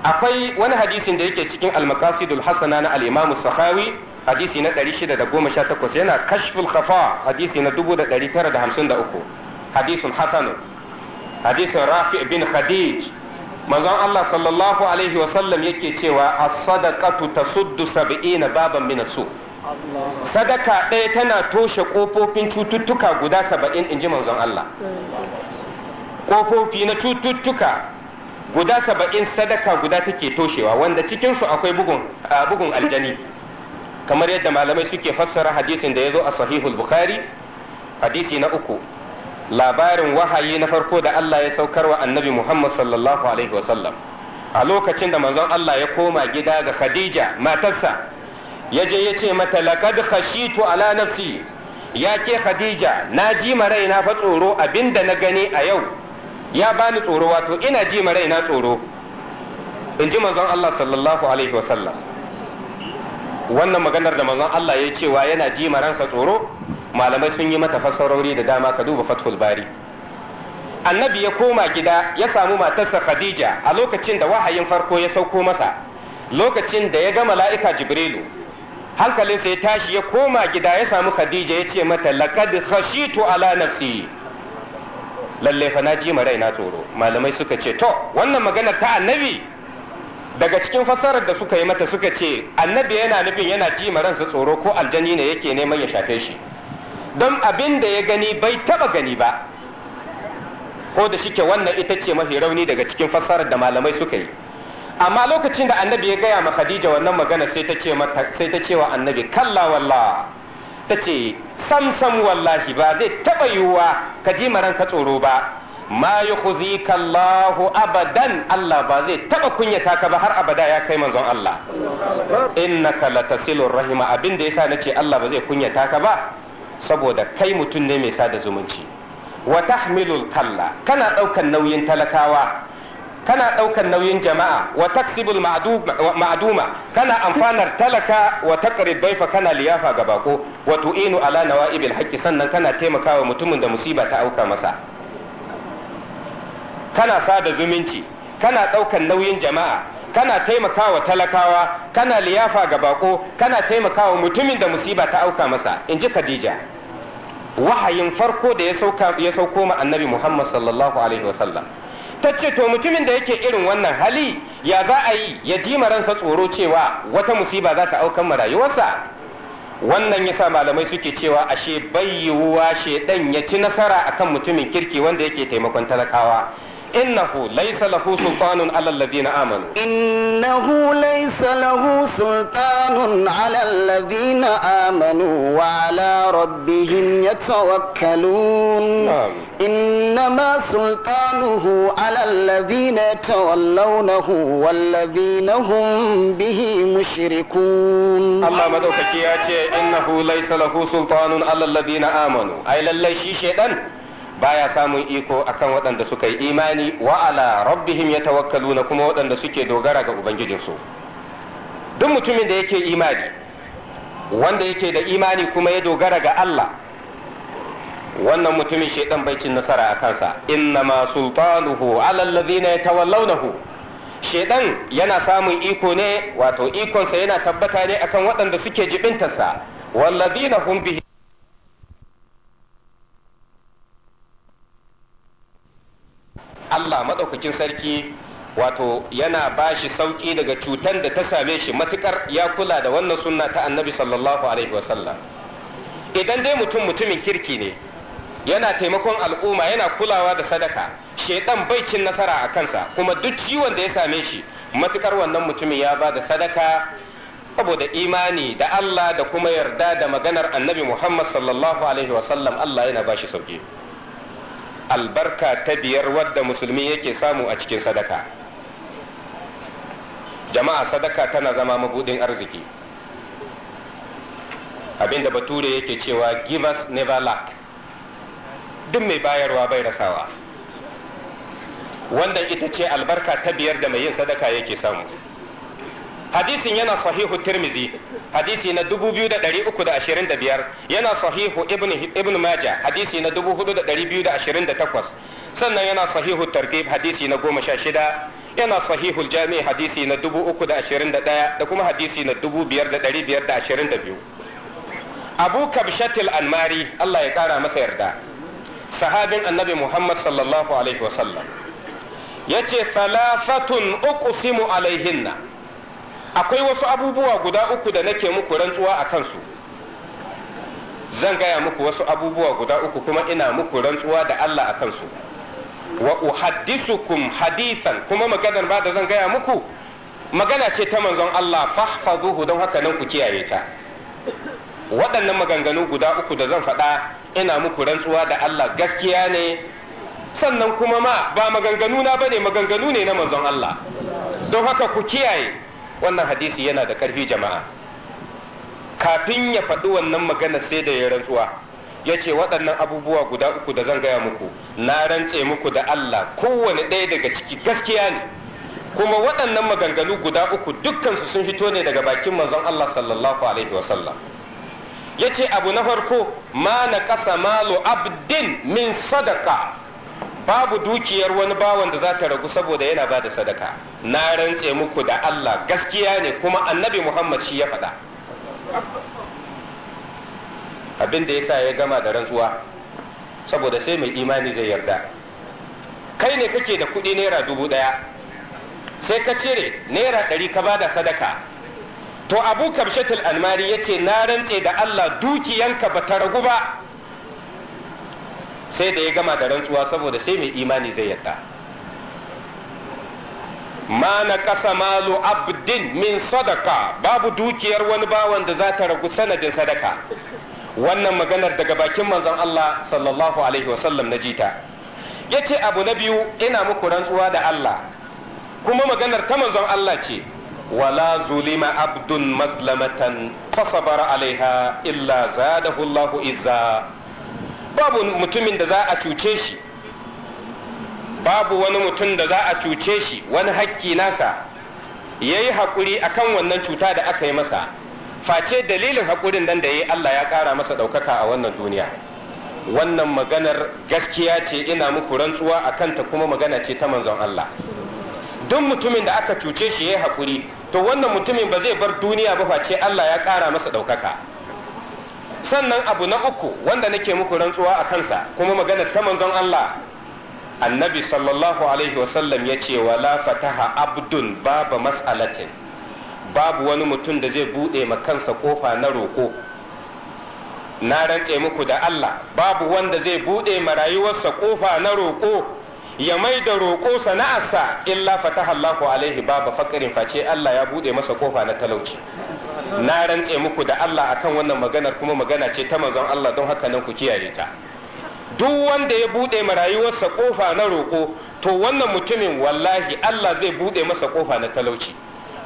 akwai wani hadisin da yake cikin al-maqasidul hasana na al-imam sakhawi hadisi na 618 yana kashful khafa hadisi na 1953 hadisun hasanu hadisin rafi bin khadij manzon Allah sallallahu alaihi wa sallam yake cewa as-sadaqatu tasuddu sab'ina baban min su sadaka ɗaya tana toshe kofofin cututtuka guda saba'in inji manzon Allah kofofi na cututtuka guda saba'in sadaka guda take toshewa wanda cikinsu akwai bugun aljani kamar yadda malamai suke fassara hadisin da ya zo a sahihul bukhari hadisi na uku labarin wahayi na farko da Allah ya saukar wa annabi Muhammad sallallahu alaihi wasallam a lokacin da manzon Allah ya koma gida ga Khadija matarsa ya je ya ce mata laqad khashitu ala nafsi ya ke Khadija na ji ma raina fa tsoro abinda na gani a yau ya bani tsoro wato ina ji ma raina tsoro in ji manzon Allah sallallahu alaihi wasallam wannan maganar da manzon Allah ya cewa yana ji ma ransa tsoro malamai sun yi mata fassarori da dama ka duba fathul bari annabi ya koma gida ya samu matarsa khadija a lokacin da wahayin farko ya sauko masa lokacin da ya ga mala'ika jibrilu hankalinsa ya tashi ya koma gida ya samu khadija ya ce mata laqad khashitu ala nafsi lalle fa na ji ma raina tsoro malamai suka ce to wannan magana ta annabi daga cikin fassarar da suka yi mata suka ce annabi yana nufin yana ji ma ransa tsoro ko aljani ne yake neman ya shafe shi don abin da ya gani bai taba gani ba ko da shike wannan ita ce mafi rauni daga cikin fassarar da malamai suka yi amma lokacin da annabi ya gaya ma khadija wannan magana sai ta ce wa annabi kalla wallahi ta ce samsam wallahi ba zai taɓa yiwuwa ka ji ka tsoro ba ma yi Allahu abadan Allah ba zai taba kunyata ka ba har abada ya kai manzon Allah ka latasilur rahima abin da yasa ce Allah ba zai kunyata ka ba saboda kai mutum ne mai sada zumunci wa tahmilul kalla kana ɗaukan nauyin talakawa kana ɗaukar nauyin jama'a wa taksibul ma'duma kana amfanar talaka wa taqrid baifa kana liyafa ga bako wa tu'inu ala nawa'ibil haqqi sannan kana taimakawa mutumin da musiba ta auka masa kana sada zumunci kana ɗaukar nauyin jama'a kana taimakawa talakawa kana liyafa ga bako kana taimakawa mutumin da musiba ta auka masa inji Khadija wahayin farko da ya sauko ma annabi Muhammad sallallahu alaihi wasallam ta ce to mutumin da yake irin wannan hali ya za a yi ya ji ransa tsoro cewa wata musiba za ta aukan ma rayuwarsa wannan yasa malamai suke cewa ashe bai shedan ya ci nasara akan mutumin kirki wanda yake taimakon talakawa إنه ليس له سلطان على الذين آمنوا إنه ليس له سلطان على الذين آمنوا وعلى ربهم يتوكلون نعم. إنما سلطانه على الذين يتولونه والذين هم به مشركون الله مدوكك يا إنه ليس له سلطان على الذين آمنوا أي للي شيء baya samun iko akan waɗanda suka yi imani wa ala rabbihim yatawakkaluna kuma waɗanda suke dogara ga ubangijinsu duk mutumin da yake imani wanda yake da imani kuma ya dogara ga Allah wannan mutumin shedan bai cin nasara a kansa Inna ma sultanuhu ala alladhina yatawallawnahu shedan yana samun iko ne wato ikonsa yana tabbata ne akan waɗanda suke jibintarsa walladhina hum bihi Allah maɗaukakin sarki wato yana ba shi sauƙi daga cutar da ta same shi matukar ya kula da wannan sunna ta annabi sallallahu alaihi wasallam idan dai mutum mutumin kirki ne yana taimakon al'umma yana kulawa da sadaka shaidan bai cin nasara a kansa kuma duk ciwon da ya same shi matukar wannan mutumin ya ba da sadaka saboda imani da Allah da kuma yarda da maganar annabi Muhammad sallallahu alaihi wasallam Allah yana ba shi sauƙi. albarka ta biyar wadda musulmi yake samu a cikin sadaka jama'a sadaka tana zama mabudin arziki abinda bature yake cewa give us never lack duk mai bayarwa bai rasawa wanda ita ce albarka ta biyar da mai yin sadaka yake samu hadisin yana sahihu tirmizi hadisi na 2325 yana sahihu ibn maja hadisi na 4228 sannan yana sahihu tartib hadisi na 16 yana sahihu jami hadisi na 321 da kuma hadisi na 5522 abu kabshatil anmari Allah ya kara masa yarda sahabin annabi muhammad sallallahu alaihi wasallam yace salafatun uqsimu alaihinna akwai wasu abubuwa guda uku da nake muku rantsuwa a kansu zan gaya muku wasu abubuwa guda uku kuma ina muku rantsuwa da Allah a kansu wa uhaddithukum hadithan kuma maganar ba da zan gaya muku magana ce ta manzon Allah fahfazuhu don haka nan ku kiyaye ta waɗannan maganganu guda uku da zan faɗa ina muku rantsuwa da Allah gaskiya ne sannan kuma ma ba maganganu na bane maganganu ne na manzon Allah don haka ku kiyaye wannan hadisi yana da ƙarfi jama'a kafin ya faɗi wannan magana sai da ya rantsuwa ya ce waɗannan abubuwa guda uku da zan gaya muku na rantse muku da Allah kowane ɗaya daga ciki gaskiya ne kuma waɗannan maganganu guda uku dukkansu sun fito ne daga bakin manzon Allah sallallahu alaihi wasallam ya ce abu na farko ma na ƙasa malu abdin min sadaka babu dukiyar wani bawan da za ta ragu saboda yana ba da sadaka na rantse muku da Allah gaskiya ne kuma annabi Muhammad shi ya faɗa abin da yasa ya gama da rantsuwa saboda sai mai imani zai yarda kai ne kake da kuɗi naira dubu ɗaya sai ka cire naira ɗari ka bada sadaka to abu kabshatul almari ce na rantse da Allah dukiyanka ba ta ragu ba sai da ya gama da rantsuwa saboda sai mai imani zai yadda ma na kasa malu abdin min sadaka babu dukiyar wani bawan da za ta ragu sanadin sadaka wannan maganar daga bakin manzon Allah sallallahu alaihi wasallam na jita yace abu na biyu ina muku rantsuwa da Allah kuma maganar ta manzon Allah ce wala zulima abdun maslamatan fasabara alaiha illa zadahu Allahu izza babu mutumin da za a cuce shi babu wani mutum da za a cuce shi wani hakki nasa ya yi haƙuri a kan wannan cuta da aka yi masa face dalilin haƙurin nan da ya yi Allah ya ƙara masa ɗaukaka a wannan duniya wannan maganar gaskiya ce ina muku rantsuwa a kanta kuma magana ce ta manzon Allah duk mutumin da aka cuce shi ya yi haƙuri to wannan mutumin ba zai bar duniya ba face Allah ya ƙara masa ɗaukaka sannan abu na uku wanda nake muku rantsuwa a kansa kuma magana ta manzon Allah annabi sallallahu alaihi wasallam ya ce wala fataha abdun babu mas'alatin babu wani mutum da zai bude ma kansa kofa na roƙo na rantse muku da Allah babu wanda zai bude ma rayuwarsa kofa na roƙo ya mai da roƙo sana'arsa illa fataha Allahu alaihi baba fakarin face Allah ya bude masa kofa na talauci na rantse muku da Allah akan wannan maganar kuma magana ce ta manzon Allah don haka nan ku kiyaye ta duk wanda ya bude ma rayuwarsa kofa na roƙo to wannan mutumin wallahi Allah zai bude masa kofa na talauci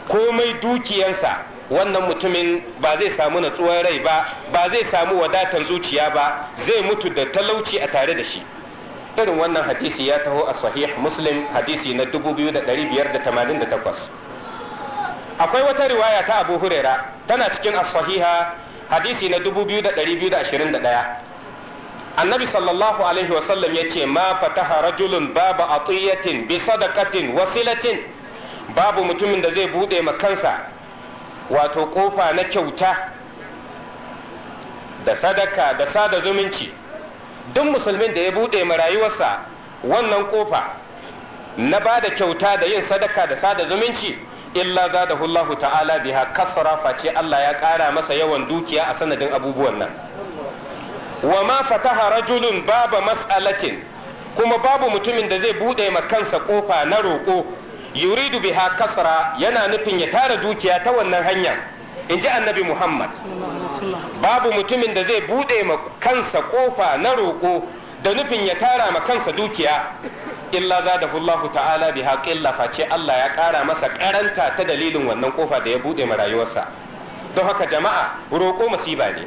komai dukiyansa wannan mutumin ba zai samu natsuwar rai ba ba zai samu wadatar zuciya ba zai mutu da talauci a tare da shi irin wannan hadisi ya taho a sahih muslim hadisi na 2588 akwai wata riwaya ta abu huraira tana cikin as-sahiha hadisi na 2221 annabi sallallahu alaihi wasallam ya ce ma fataha rajulun babu atiyatin bi sadaqatin wasilatin babu mutumin da zai bude ma kansa wato kofa na kyauta da sadaka da sada zumunci duk musulmin da ya buɗe ma rayuwarsa wannan kofa na ba da kyauta da yin sadaka da sada zumunci illa za da hullahu ta'ala biha kasara face Allah ya ƙara masa yawan dukiya a sanadin abubuwan nan wa ma fataha rajulun baba mas'alatin kuma babu mutumin da zai buɗe ma kansa kofa na roƙo yuridu biha kasra yana nufin ya tara dukiya ta wannan hanyar. in ji annabi Muhammad babu mutumin da zai buɗe ma kansa kofa na roƙo da nufin ya tara ma kansa dukiya illa za da ta'ala biha qilla face Allah ya ƙara masa karanta ta dalilin wannan kofa da ya buɗe ma rayuwarsa don haka jama'a roƙo masiba ne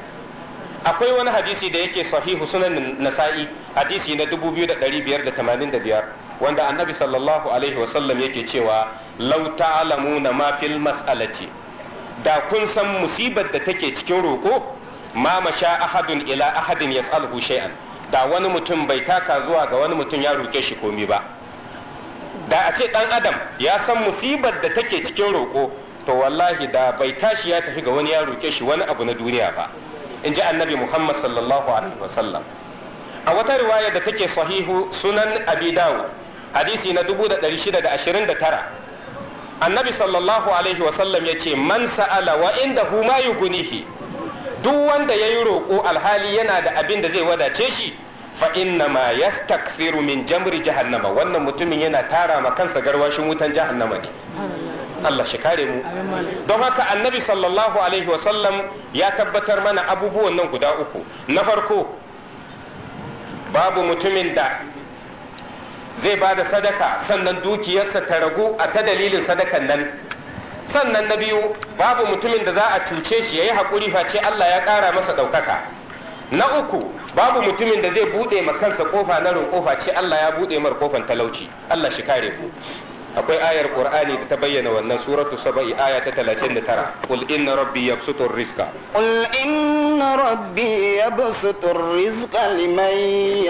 akwai wani hadisi da yake sahihu sunan nasa'i hadisi na 2585 wanda annabi sallallahu alaihi wasallam yake cewa law na ma fil mas'alati da kun san musibar da take cikin roƙo ma masha ahadun ila ahadin yas'alhu shay'an da wani mutum bai taka zuwa ga wani mutum ya roƙe shi komi ba da a ce dan adam ya san musibar da take cikin roƙo to wallahi da bai tashi ya tafi ga wani ya roƙe shi wani abu na duniya ba in ji annabi muhammad sallallahu alaihi wasallam a wata riwaya da take sahihu sunan abi dawud hadisi na 1629 annabi sallallahu alaihi wasallam ya ce man sa'ala wa inda huma yugunihi duk wanda ya yi roƙo alhali yana da abin da zai wadace shi fa inna ma yastakthiru min jamri jahannama wannan mutumin yana tara ma kansa garwashin wutan jahannama ne Allah shi kare mu don haka annabi sallallahu alaihi wasallam ya tabbatar mana abubuwan nan guda uku na farko babu mutumin da zai ba da sadaka sannan dukiyarsa ta ragu a ta dalilin sadakan nan sannan na biyu babu mutumin da za a cuce shi ya yi haƙuri face Allah ya ƙara masa ɗaukaka na uku babu mutumin da zai buɗe ma kansa ƙofa na rin ce Allah ya buɗe mar ƙofan talauci Allah shi kare ku akwai ayar qur'ani da ta bayyana wannan suratu saba'i aya ta 39 qul inna rabbi yabsutu rizqa qul inna rabbi yabsutu rizqa liman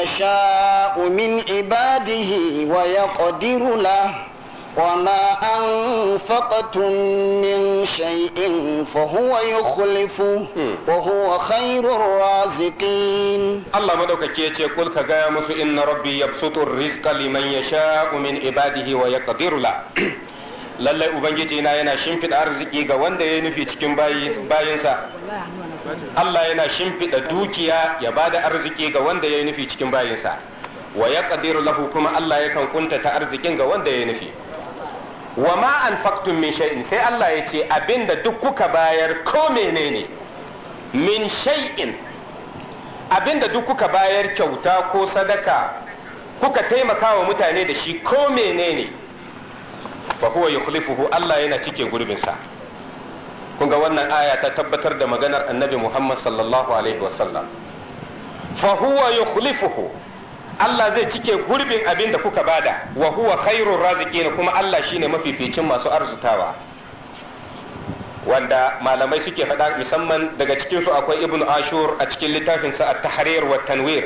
yasha'u min ibadihi wa yaqdiru lahu وما أنفقتم من شيء فهو يخلفه وهو خير الرازقين الله مدوك كيتي قل كغامس إن ربي يبسط الرزق لمن يشاء من عباده ويقدر له lallai ubangiji na yana shimfiɗa arziki ga wanda ya nufi cikin bayinsa Allah yana shimfiɗa dukiya ya ba da arziki ga wanda ya nufi cikin bayinsa wa ya lahu kuma Allah ya kan ta arzikin ga wanda ya nufi wa ma anfaqtum min shay'in sai Allah ya ce abinda duk kuka bayar ko menene min shay'in abinda duk kuka bayar kyauta ko sadaka kuka taimaka wa mutane da shi ko menene fa huwa yukhlifuhu Allah yana cike gurbin sa kun ga wannan aya ta tabbatar da maganar annabi Muhammad sallallahu alaihi wasallam fa huwa yukhlifuhu Allah zai cike gurbin abin da kuka bada wa huwa khairur raziqin kuma Allah shine mafificin masu arzutawa wanda malamai suke faɗa musamman daga cikin akwai ibnu ashur a cikin littafinsa a at-tahrir wa tanwir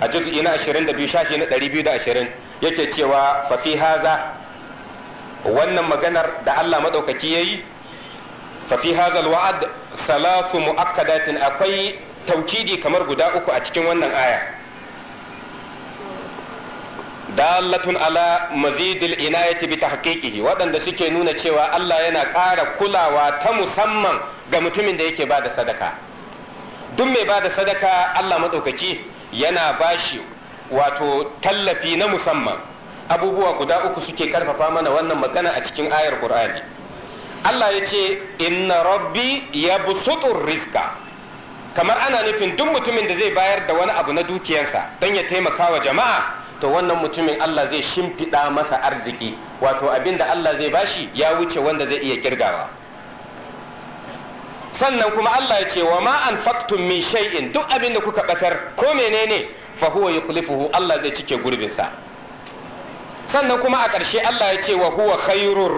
a juz'i na 22 shafi na 220 yake cewa fa fi haza wannan maganar da Allah madaukaki yayi fa fi hadha al salasu mu'akkadatin akwai taukidi kamar guda uku a cikin wannan aya dalatun ala mazidil inayati bi tahqiqihi waɗanda suke nuna cewa Allah yana ƙara kulawa ta musamman ga mutumin da yake bada sadaka duk mai bada sadaka Allah madaukaki yana bashi wato tallafi na musamman abubuwa guda uku suke karfafa mana wannan magana a cikin ayar Qur'ani Allah ya ce inna rabbi yabsutur rizqa kamar ana nufin duk mutumin da zai bayar da wani abu na dukiyarsa don ya taimaka wa jama'a to wannan mutumin Allah zai shimfiɗa masa arziki wato abin da Allah zai bashi ya wuce wanda zai iya kirgawa sannan kuma Allah ya ce wa ma anfaqtum min shay'in duk abin da kuka batar ko menene fa huwa yukhlifuhu Allah zai cike gurbin sa sannan kuma a ƙarshe Allah ya ce wa huwa khairur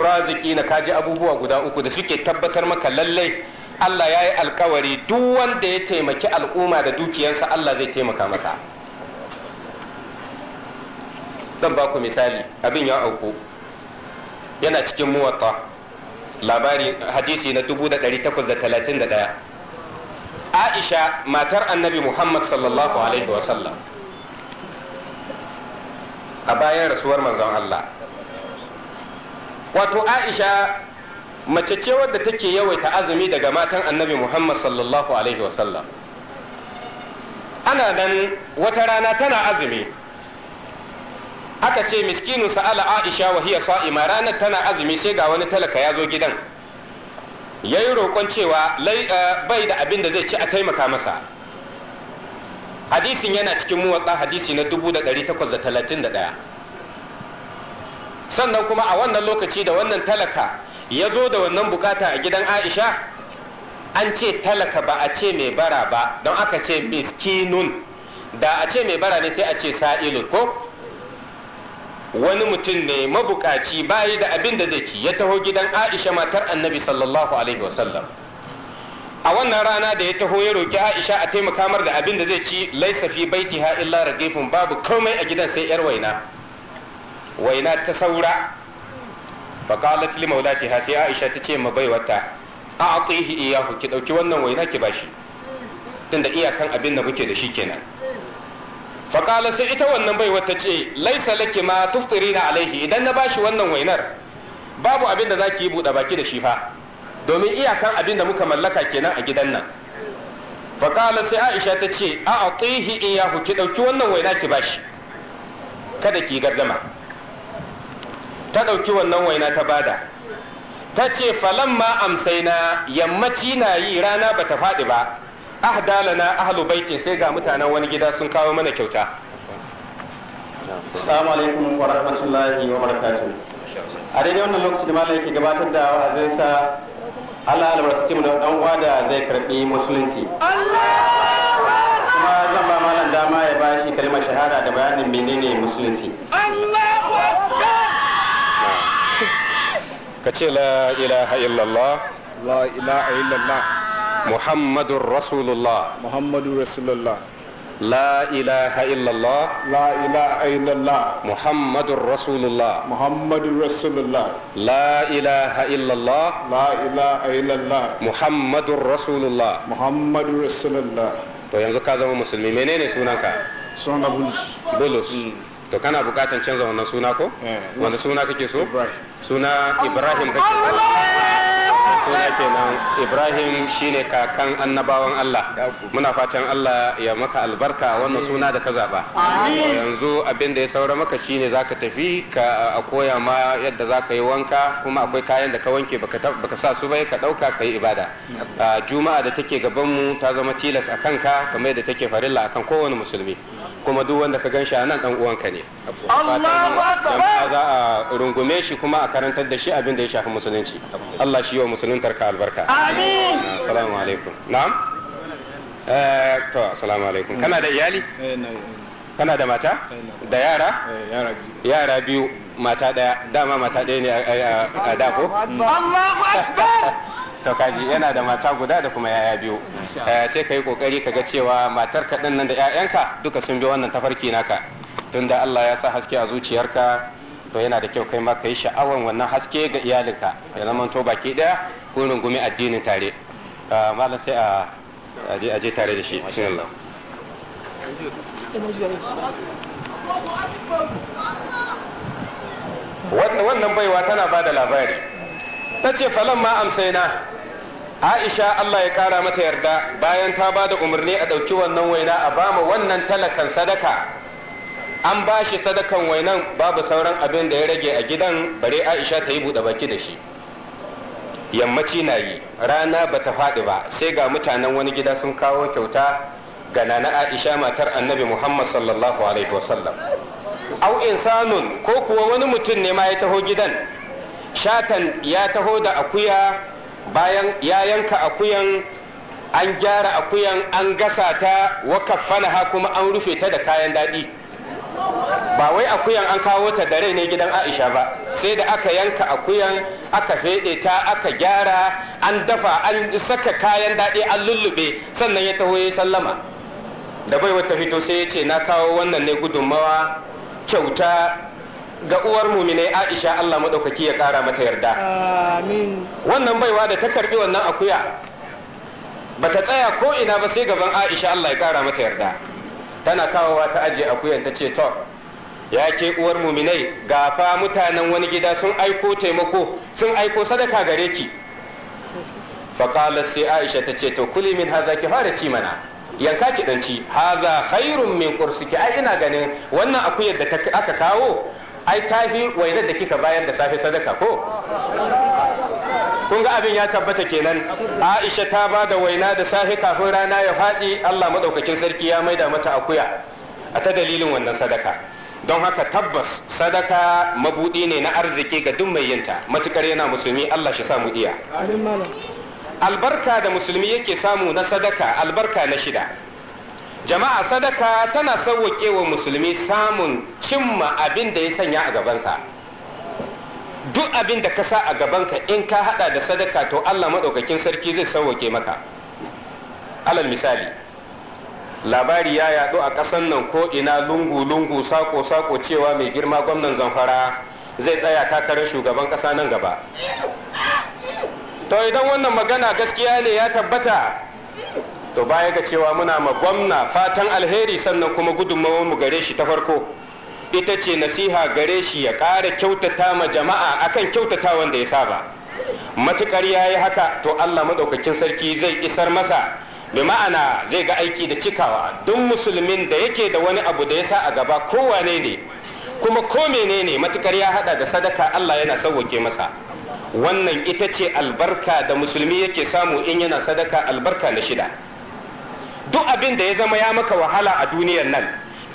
na kaji abubuwa guda uku da suke tabbatar maka lallai Allah ya yi alkawari duk wanda ya taimaki al'umma da dukiyarsa Allah zai taimaka masa zan ba ku misali abin ya auku yana cikin muwatta labari hadisi na 1831 Aisha matar annabi Muhammad sallallahu alaihi wasallam a bayan rasuwar manzon Allah wato Aisha mace ce wadda take yawaita azumi daga matan annabi Muhammad sallallahu alaihi wasallam ana nan wata rana tana azumi aka ce miskinu sa'ala aisha wa hiya sa'ima ranar tana azumi sai ga wani talaka ya zo gidan yayi roƙon cewa eh, bai da abin da zai ci a taimaka masa hadisin yana cikin muwatsa hadisi na 1831 sannan kuma a wannan lokaci da wannan talaka ya zo da wannan bukata a gidan aisha an ce talaka ba a ce mai bara ba don aka ce miskinun da a ce mai bara ne sai a ce sa'ilun ko wani mutum ne mabukaci bayi da abin da zai ci ya taho gidan Aisha matar Annabi sallallahu alaihi wasallam a wannan rana da ya taho ya roki Aisha a taimaka mar da abin da zai ci laisa fi baitiha illa ragifun babu komai a gidan sai yar waina waina ta saura fa qalat li maulatiha sai Aisha ta ce ma baiwata a'tihi iyahu ki dauki wannan waina ki bashi tunda iyakan abin da muke da shi kenan faƙala sai ita wannan baiwa wata ce laisa laki ma tuftiri na alaihi idan na bashi wannan wainar babu abin da zaki ki yi buɗe baki da shi fa domin iyakan abin da muka mallaka kenan a gidan nan faƙala sai aisha ta ce a atihi ya ki ɗauki wannan waina ki bashi kada ki gardama ta ɗauki wannan waina ta bada ta ce falamma amsaina yammaci na yi rana bata faɗi ba ahdalana ahlu baitin sai ga mutanen wani gida sun kawo mana kyauta assalamu alaikum wa rahmatullahi wa barakatuh a daidai wannan lokacin da malai gabatar da sa Allah albarkace mu da dan uwa da zai karbi musulunci kuma zan ba malam dama ya bashi kalmar shahada da bayanin menene musulunci Allahu akbar ka ce la ilaha illallah la ilaha illallah محمد رسول الله محمد رسول الله لا إله إلا الله لا إله إلا الله محمد رسول الله محمد رسول الله لا إله إلا الله لا إله إلا الله محمد رسول الله محمد رسول الله to yanzu ka zama musulmi menene sunanka suna bulus bulus to kana bukatan canza wannan suna ko wanda suna kake so suna ibrahim kake so suna kenan ibrahim shine kakan annabawan allah muna fatan allah ya maka albarka wannan suna da ka zaba yanzu abin da ya saura maka shine zaka tafi ka a koya ma yadda zaka yi wanka kuma akwai kayan da ka wanke baka sa su bai ka ɗauka ka yi ibada juma'a da take gaban mu ta zama tilas a kanka kamar yadda take farilla akan kowane musulmi kuma duk wanda ka gan shi a dan uwanka ne allah za a rungume shi kuma a karantar da shi abin da ya shafi musulunci Allah shi yau musuluntar tarka albarka amin assalamu alaikum na'am eh to assalamu alaikum kana da iyali eh, eh. kana da mata eh, da yara yara biyu mata daya dama mata daya ne a dako. ko Allahu akbar to kaji yana da mata guda da kuma yaya biyu sai ka yi kokari ka ga cewa matar ka nan da 'ya'yanka duka sun bi wannan tafarki naka tunda Allah ya sa haske a zuciyarka to yana da kyau kai ma ka yi sha'awan wannan haske ga iyalinka ya zama to baki daya ko rungumi addinin tare ah, malam sai a aje tare da shi bismillah wannan baiwa tana ba da labari ta ce falon ma amsaina aisha Allah ya kara mata yarda bayan ta ba da umarni a ɗauki wannan waina a bama wannan talakan sadaka an ba shi sadakan wainan babu sauran abin da ya rage a gidan bare aisha ta yi buɗe baki da shi yammaci na yi rana ba ta faɗi ba sai ga mutanen wani gida sun kawo kyauta ga nana aisha matar annabi muhammad sallallahu alaihi wasallam au insanun ko kuwa wani mutum ne ma ya taho gidan shatan ya taho da akuya bayan ya yanka akuyan an gyara akuyan an gasa ta wa kafana kuma an rufe ta da kayan daɗi ba wai akuyan an kawo ta da rai ne gidan Aisha ba sai da aka yanka akuyan aka fede ta aka gyara an dafa an saka kayan daɗi an lullube sannan ya taho ya sallama da bai wata fito sai ya ce na kawo wannan ne gudunmawa kyauta ga uwar mumine Aisha Allah madaukaki ya kara mata yarda amin wannan baiwa da ta karbi wannan akuya ba ta tsaya ko ina ba sai gaban Aisha Allah ya kara mata yarda tana kawowa ta aje akuyan ta ce to ya ke uwar muminai fa mutanen wani gida sun aiko taimako sun aiko sadaka gare ki faƙalar sai aisha ta ce to kuli min haza ki fara ci mana yanka ki dan ci haza khairun min qursiki ai ina ganin wannan akuyar da aka kawo ai tafi wainar da kika bayar da safe sadaka ko kun ga abin ya tabbata kenan aisha ta ba da waina da safe kafin rana ya faɗi allah maɗaukakin sarki ya maida mata akuya a ta dalilin wannan sadaka don haka tabbas sadaka mabudi ne na arziki ga duk mai yinta matukar yana musulmi Allah shi samu iya albarka da musulmi yake samu na sadaka albarka na shida jama'a sadaka tana sauwaƙe wa musulmi samun cimma abin da ya sanya a gabansa duk abin da ka sa a gabanka in ka hada da sadaka to Allah maɗaukakin sarki zai sauwaƙe maka alal misali labari ya yaɗu a ƙasan nan ko ina lungu-lungu sako-sako cewa mai girma gwamnan zamfara zai tsaya takarar shugaban ƙasa nan gaba to idan wannan magana gaskiya ne ya tabbata to baya ga cewa muna ma gwamna fatan alheri sannan kuma gudunmawar mu gare shi ta farko ita ce nasiha gare shi ya ƙara kyautata ma jama'a akan kyautata wanda ya saba matukar ya yi haka to Allah maɗaukakin sarki zai isar masa bi ma'ana zai ga aiki da cikawa duk musulmin da yake da wani abu da ya sa a gaba kowane ne kuma ko menene matukar ya hada da sadaka Allah yana sauwake masa wannan ita ce albarka da musulmi yake samu in yana sadaka albarka na shida duk abin da ya zama ya maka wahala a duniyar nan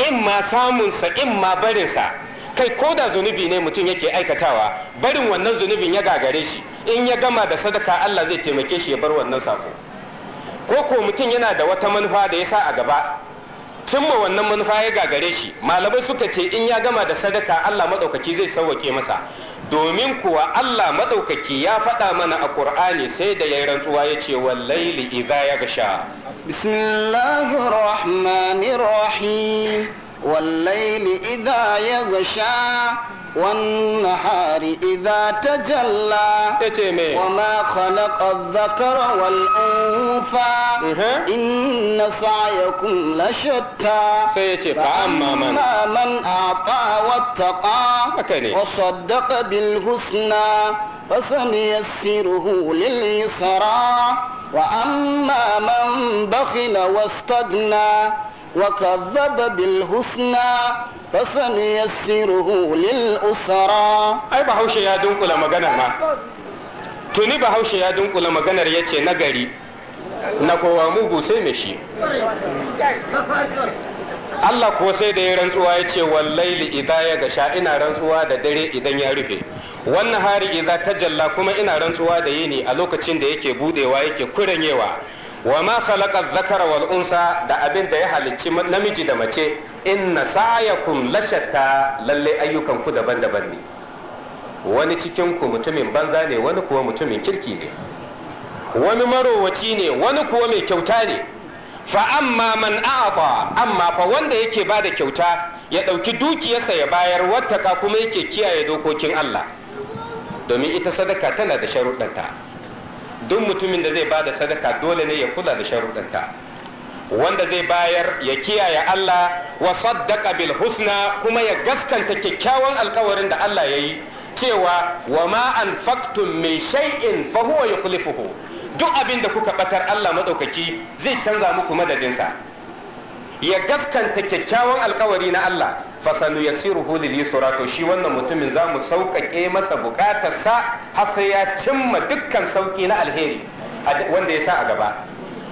in ma samun sa in ma barin sa kai ko da zunubi ne mutum yake aikatawa barin wannan zunubin ya gagare shi in ya gama da sadaka Allah zai taimake shi ya bar wannan sako ko ko mutum yana da wata manufa da ya sa a gaba cimma wannan manufa ya gagare shi malamai suka ce in ya gama da sadaka Allah madaukaki zai sauwake masa domin kuwa Allah maɗaukaki ya faɗa mana a Qur'ani sai da yayin rantsuwa yace wallaili idza yagsha bismillahir rahmanir rahim idan idza gasha. والنهار إذا تجلى وما خلق الذكر والأنثى إن سعيكم لشتى فأما من من أعطى واتقى وصدق بالحسنى فسنيسره لليسرى وأما من بخل واستغنى وكذب بالحسنى فسنيسره للأسرى أي بحوش يا دنك لما ما tuni bahaushe ya dunkula maganar ya ce nagari na kowa Allah ko sai da ya rantsuwa ya ce wallaili idza ya gasha ina rantsuwa da dare idan ya rufe wannan hari ta jalla kuma ina rantsuwa da yini a lokacin da yake budewa yake kuranyewa wa ma khalaqa dhakara wal unsa da abin da ya halicci namiji da mace inna sa'yakum lashatta lalle ayyukan ku daban-daban ne wani cikin mutumin banza ne wani kuwa mutumin kirki ne wani marowaci ne wani kuwa mai kyauta ne fa amma man a'ata amma fa wanda yake bada kyauta ya ɗauki dukiyarsa ya bayar ka kuma yake kiyaye dokokin Allah domin ita sadaka tana da sharuɗanta duk mutumin da zai ba da sadaka dole ne ya kula da sharuɗanta wanda zai bayar ya kiyaye Allah wa saddaqa bil husna kuma ya gaskanta kyakkyawan alkawarin da Allah ya yi cewa wa ma anfaqtum min shay'in fa huwa yukhlifuhu duk abin da kuka batar Allah madaukaki zai canza muku madadinsa ya gaskanta kyakkyawan alkawari na Allah fasanu yasiruhu lil yusra to shi wannan mutumin za mu sauƙaƙe masa buƙatarsa har sai ya cimma dukkan sauƙi na alheri wanda ya sa a gaba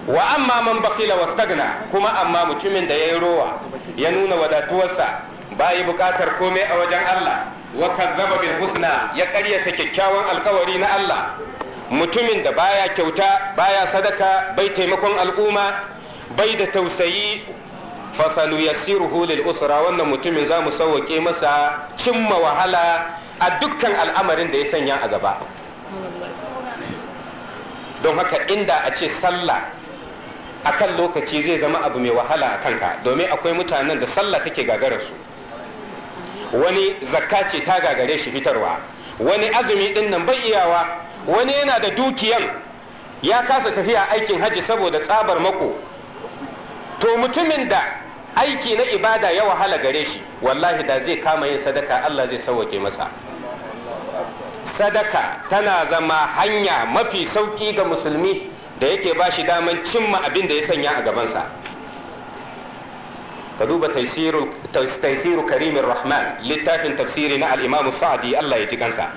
wa amma man bakila wastagna kuma amma mutumin da ya yi rowa ya nuna wadatuwarsa bai buƙatar komai a wajen Allah wa kazzaba bil husna ya ƙaryata kyakkyawan alkawari na Allah mutumin da baya kyauta baya sadaka bai taimakon al'umma bai da tausayi fasalu yassiruhu lil usra wannan mutumin za mu sauwake masa cimma wahala a dukkan al'amarin da ya sanya a gaba don haka inda a ce sallah akan lokaci zai zama abu mai wahala a kanka domin akwai mutanen da sallah take gagara su wani zakka ce ta gagare shi fitarwa wani azumi din nan bai iyawa wani yana da dukiyan ya kasa tafiya aikin haji saboda tsabar mako to mutumin da aiki na ibada ya wahala gare shi wallahi da zai kama yin sadaka Allah zai sauwake masa sadaka tana zama hanya mafi sauki ga musulmi da yake ba shi daman cimma abin da ya sanya a gabansa ka duba taisiru karimin rahman littafin tafsiri na al'imamu sa'adi Allah ya ji kansa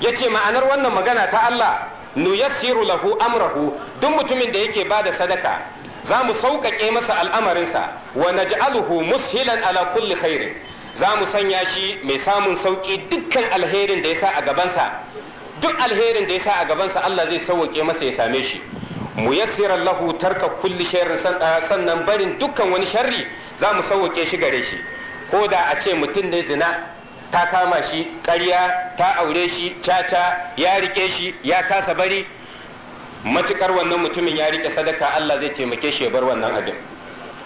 ya ce ma'anar wannan magana ta Allah nu yassiru lahu amrahu duk mutumin da yake ba da sadaka za mu sauƙaƙe masa al'amarinsa wa naj'aluhu mushilan ala kulli khairin za mu sanya shi mai samun sauƙi dukkan alherin da ya sa a gabansa duk alherin da ya sa a gabansa Allah zai sauƙe masa ya same shi muyassiran lahu tarka kulli sharrin ah, sannan barin dukkan wani sharri za mu sauƙe shi gare shi ko da a ce mutum ne zina ta kama shi ƙarya ta aure shi caca ya rike shi ya kasa bari matukar wannan mutumin ya rike sadaka Allah zai taimake shi bar wannan abin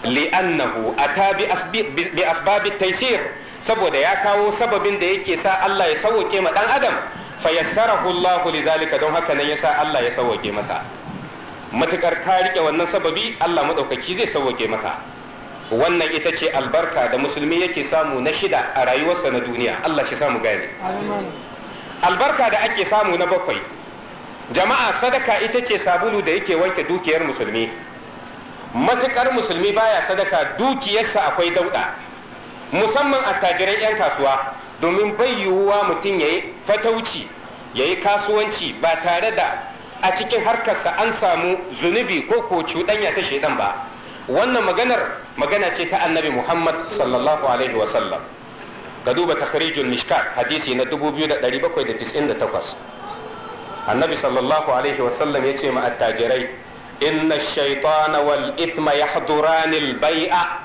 li'annahu ata bi asbabi taysir saboda ya kawo sababin da yake sa Allah ya sauke ma dan adam fayassarahu Allah zalika don haka nan yasa Allah ya sauke masa matukar ka rike wannan sababi Allah madaukaki zai sauke maka wannan ita ce albarka da musulmi yake samu na shida a rayuwarsa na duniya Allah shi samu gane albarka da ake samu na bakwai jama'a sadaka ita ce sabulu da yake wanke dukiyar musulmi matukar musulmi baya sadaka dukiyarsa akwai dauda musamman attajiran 'yan kasuwa domin bai yiwuwa mutum ya yi fatauci ya yi kasuwanci ba tare da a cikin harkarsa an samu zunubi ko ko cuɗanya ta shaidan ba wannan maganar magana ce ta annabi muhammad sallallahu alaihi wasallam ka duba takharijul mishkat hadisi na 2798 annabi sallallahu alaihi wasallam ya ce ma attajirai inna shaitana wal bai'a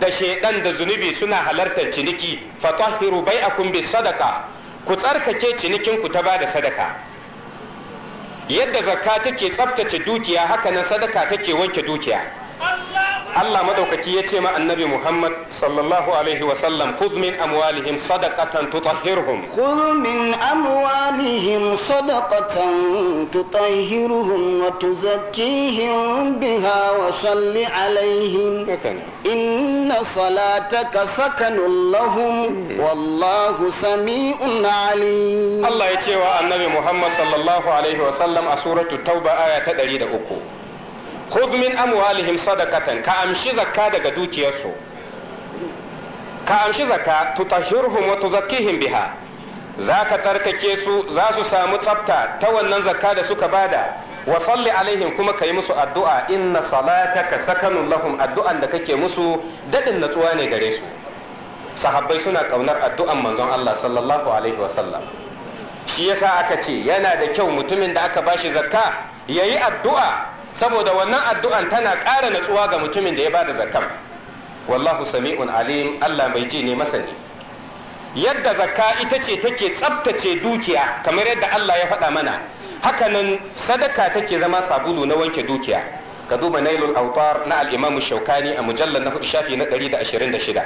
da shaidan da zunubi suna halartar ciniki fatahhiru bai'akum bis sadaka ku tsarkake cinikin ku ta bada sadaka yadda zakka take tsaftace dukiya haka nan sadaka take wanke dukiya Allah madaukaki ya ce ma annabi Muhammad sallallahu alaihi wa sallam khudh min amwalihim sadaqatan tutahhirhum khudh min amwalihim sadaqatan tutahhirhum wa tuzakkihim biha wa salli alaihim inna salataka sakanun lahum hmm. wallahu sami'un alim Allah ya ce wa annabi Muhammad sallallahu alaihi wa sallam a suratul tauba aya ta 103 khudh min amwalihim sadaqatan ka amshi zakka daga dukiyarsu ka amshi zakka tutahhiruhum wa tuzakkihim biha zaka tsarkake su za su samu tsafta ta wannan zakka da suka bada wa salli alaihim kuma kai musu addu'a inna salataka saka lahum addu'an da kake musu dadin natsuwa ne gare su sahabbai suna kaunar addu'an manzon Allah sallallahu alaihi wa sallam shi yasa aka ce yana da kyau mutumin da aka bashi zakka yayi addu'a saboda wannan addu'an tana ƙara natsuwa ga mutumin da ya bada zakam wallahu sami'un alim Allah mai ji ne masani yadda zakka ita ce take tsaftace dukiya kamar yadda Allah ya faɗa mana hakanan sadaka take zama sabulu na wanke dukiya ka duba nailul autar na al-imamu shaukani a mujallar na shafi na 126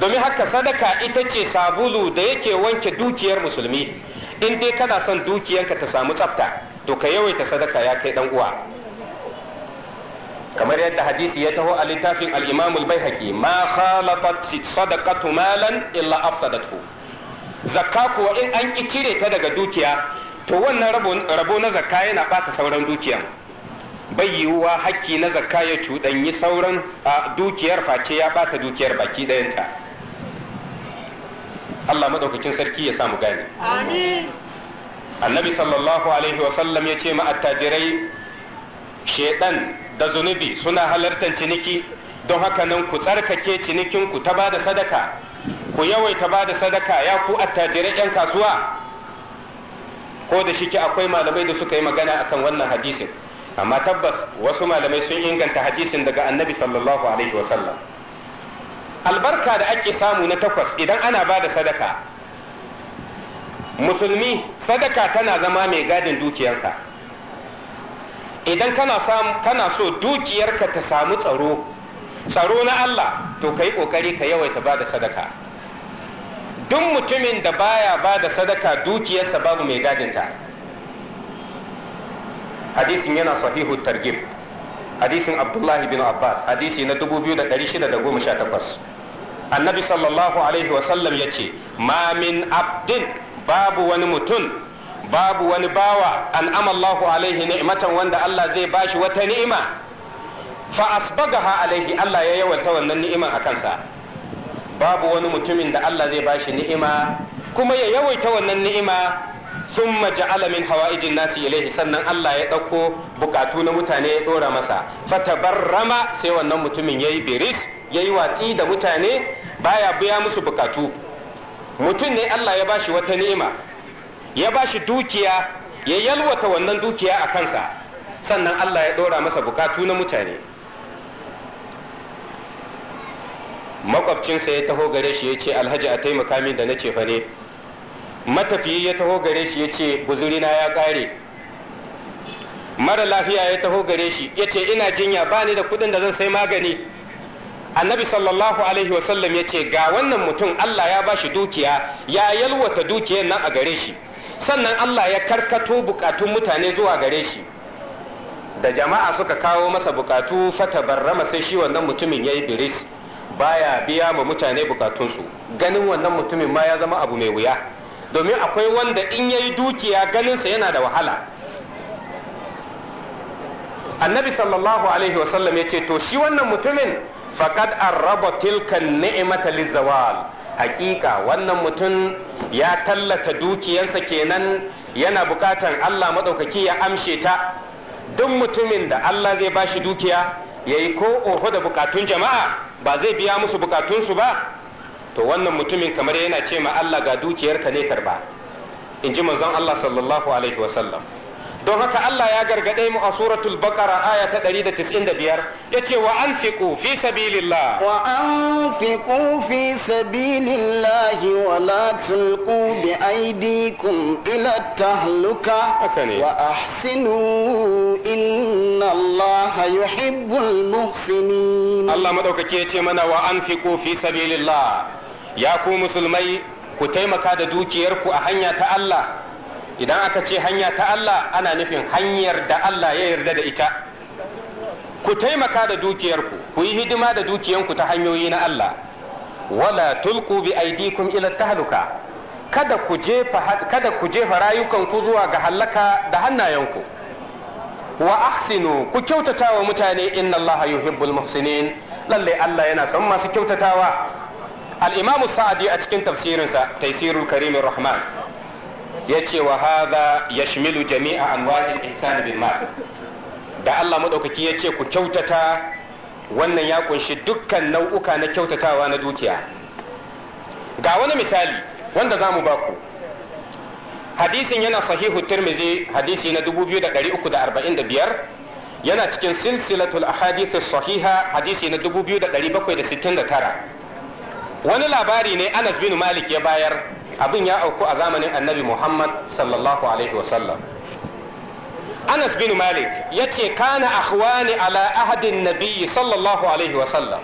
domin haka sadaka ita ce sabulu da yake wanke dukiyar musulmi in dai kana son dukiyarka ta samu tsafta to ka yawaita sadaka ya kai dan uwa kamar yadda hadisi ya taho a littafin al-Imam al-Baihaqi ma khalaqat sadaqatu malan illa afsadatuhu zakka kuwa in an ki cire ta daga dukiya to wannan rabo na zakka yana bata sauran dukiyan bai yiwuwa hakki na zakka ya yi sauran dukiyar face ya bata dukiyar baki ɗayanta Allah madaukakin sarki ya samu gane amin annabi sallallahu alaihi wasallam ya ce ma attajirai shedan da zunubi suna halartar ciniki don haka nan ku tsarkake cinikinku ta ba da sadaka ku yawaita ba da sadaka ya ku attajirai 'yan kasuwa ko da shike akwai malamai da suka yi magana akan wannan hadisin amma tabbas wasu malamai sun inganta hadisin daga annabi sallallahu alaihi wasallam albarka da ake samu na takwas idan ana bada sadaka musulmi sadaka tana zama mai gadin dukiyarsa idan kana so dukiyarka ta samu tsaro tsaro na Allah to ka yi ƙoƙari ka yawaita ba da sadaka duk mutumin da baya ba da sadaka dukiyarsa babu mai gadinta hadisin yana sahihu targib hadisin abdullahi bin abbas hadisi na 2618 annabi sallallahu alaihi wasallam ya ce ma min abdin babu wani mutum babu wani bawa an'ama Allahu alaihi ni'matan wanda Allah zai bashi wata ni'ima fa asbagaha alaihi Allah ya yawalta wannan ni'iman a kansa babu wani mutumin da Allah zai bashi ni'ima kuma ya yawaita wannan ni'ima sun ja'ala min hawa'ijin nasi ilaihi sannan Allah ya ɗauko bukatu na mutane ya ɗora masa fatabarrama sai wannan mutumin yayi biris yayi watsi da mutane baya biya musu bukatu mutum ne Allah ya bashi wata ni'ima ya bashi dukiya ya yalwata wannan dukiya a kansa sannan Allah ya ɗora masa bukatu na mutane makwabcinsa ya taho gare shi ya ce alhaji a taimaka min da na cefa ne matafiyi ya taho gare shi ya ce guzurina ya ƙare mara lafiya ya taho gare shi ya ce ina jinya ba ni da kuɗin da zan sai magani annabi sallallahu alaihi wasallam ya ce ga wannan mutum Allah ya bashi dukiya ya yalwata dukiyar nan a gare shi sannan Allah ya karkato bukatun mutane zuwa gare shi da jama'a suka kawo masa bukatu fata barrama sai shi wannan mutumin ya yi biris baya biya ma mutane bukatunsu ganin wannan mutumin ma ya zama abu mai wuya domin akwai wanda in ya yi dukiya ganinsa yana da wahala annabi sallallahu alaihi wasallam ya ce to shi wannan mutumin faqad arraba tilkan ni'mata lizawal haqiqa wannan mutum ya tallata dukiyarsa kenan yana bukatan Allah madaukaki ya amshe ta duk mutumin da Allah zai bashi dukiya yayi ko oho da bukatun jama'a ba zai biya musu bukatunsu ba to wannan mutumin kamar yana ce ma Allah ga dukiyarka ne karba in ji manzon Allah sallallahu alaihi wasallam don haka Allah ya gargade mu a suratul baqara aya ta 195 yace wa anfiqu fi sabilillah wa anfiqu fi sabilillah wa la tulqu bi aydikum ila tahluka wa ahsinu inna Allah yuhibbul muhsinin Allah madaukake yace mana wa anfiqu fi sabilillah ya ku musulmai ku taimaka da dukiyarku a hanya ta Allah idan aka ce hanya ta Allah ana nufin hanyar da Allah ya yarda da ita ku taimaka da dukiyarku ku yi hidima da dukiyanku ta hanyoyi na Allah wala tulqu bi aidikum ila tahluka kada ku jefa kada ku jefa rayukanku zuwa ga halaka da hannayenku wa ahsinu ku kyautata wa mutane inna Allah yuhibbul muhsinin lalle Allah yana son masu kyautatawa al-imamu sa'adi a cikin tafsirinsa taysirul karimir rahman Ya ce wa ya yashmilu jami'a anwa'il insani bil mal da Allah ya ce ku kyautata wannan ya kunshi dukkan nau'uka na kyautatawa na dukiya ga wani misali wanda zamu baku hadisin yana sahihu tirmizi hadisi na 2345 yana cikin silsilatul ahadisi sahiha hadisi na 2769 wani labari ne Anas bin Malik ya bayar abin ya auku a zamanin annabi Muhammad sallallahu alaihi wasallam Anas bin Malik ya yace kana akhwani ala ahadin nabiyyi sallallahu alaihi wasallam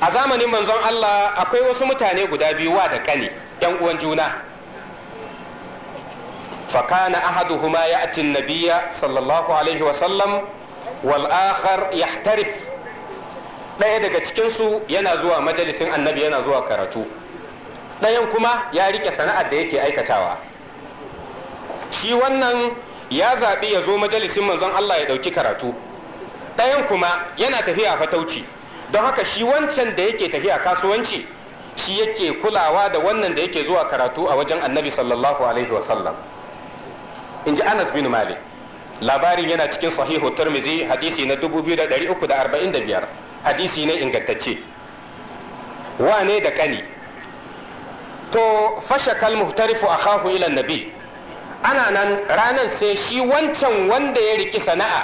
a zamanin manzon Allah akwai wasu mutane guda biyu wa da kani yan uwan juna فكان أحدهما يأتي النبي صلى الله عليه وسلم والآخر يحترف ɗaya daga cikinsu yana zuwa majalisin annabi yana zuwa karatu ɗayan kuma ya rike sana'ar da yake aikatawa shi wannan ya zaɓi ya zo majalisin manzon Allah ya ɗauki karatu ɗayan kuma yana tafiya fatauci don haka shi wancan da yake tafiya kasuwanci shi yake kulawa da wannan da yake zuwa karatu a wajen annabi sallallahu alaihi wasallam in ji anas bin malik labarin yana cikin sahihu turmizi hadisi na 2345 hadisi ne ingantacce wane da kani to fashakal muhtarifu akahu ila nabi ana nan ranar sai shi wancan wanda ya riki sana'a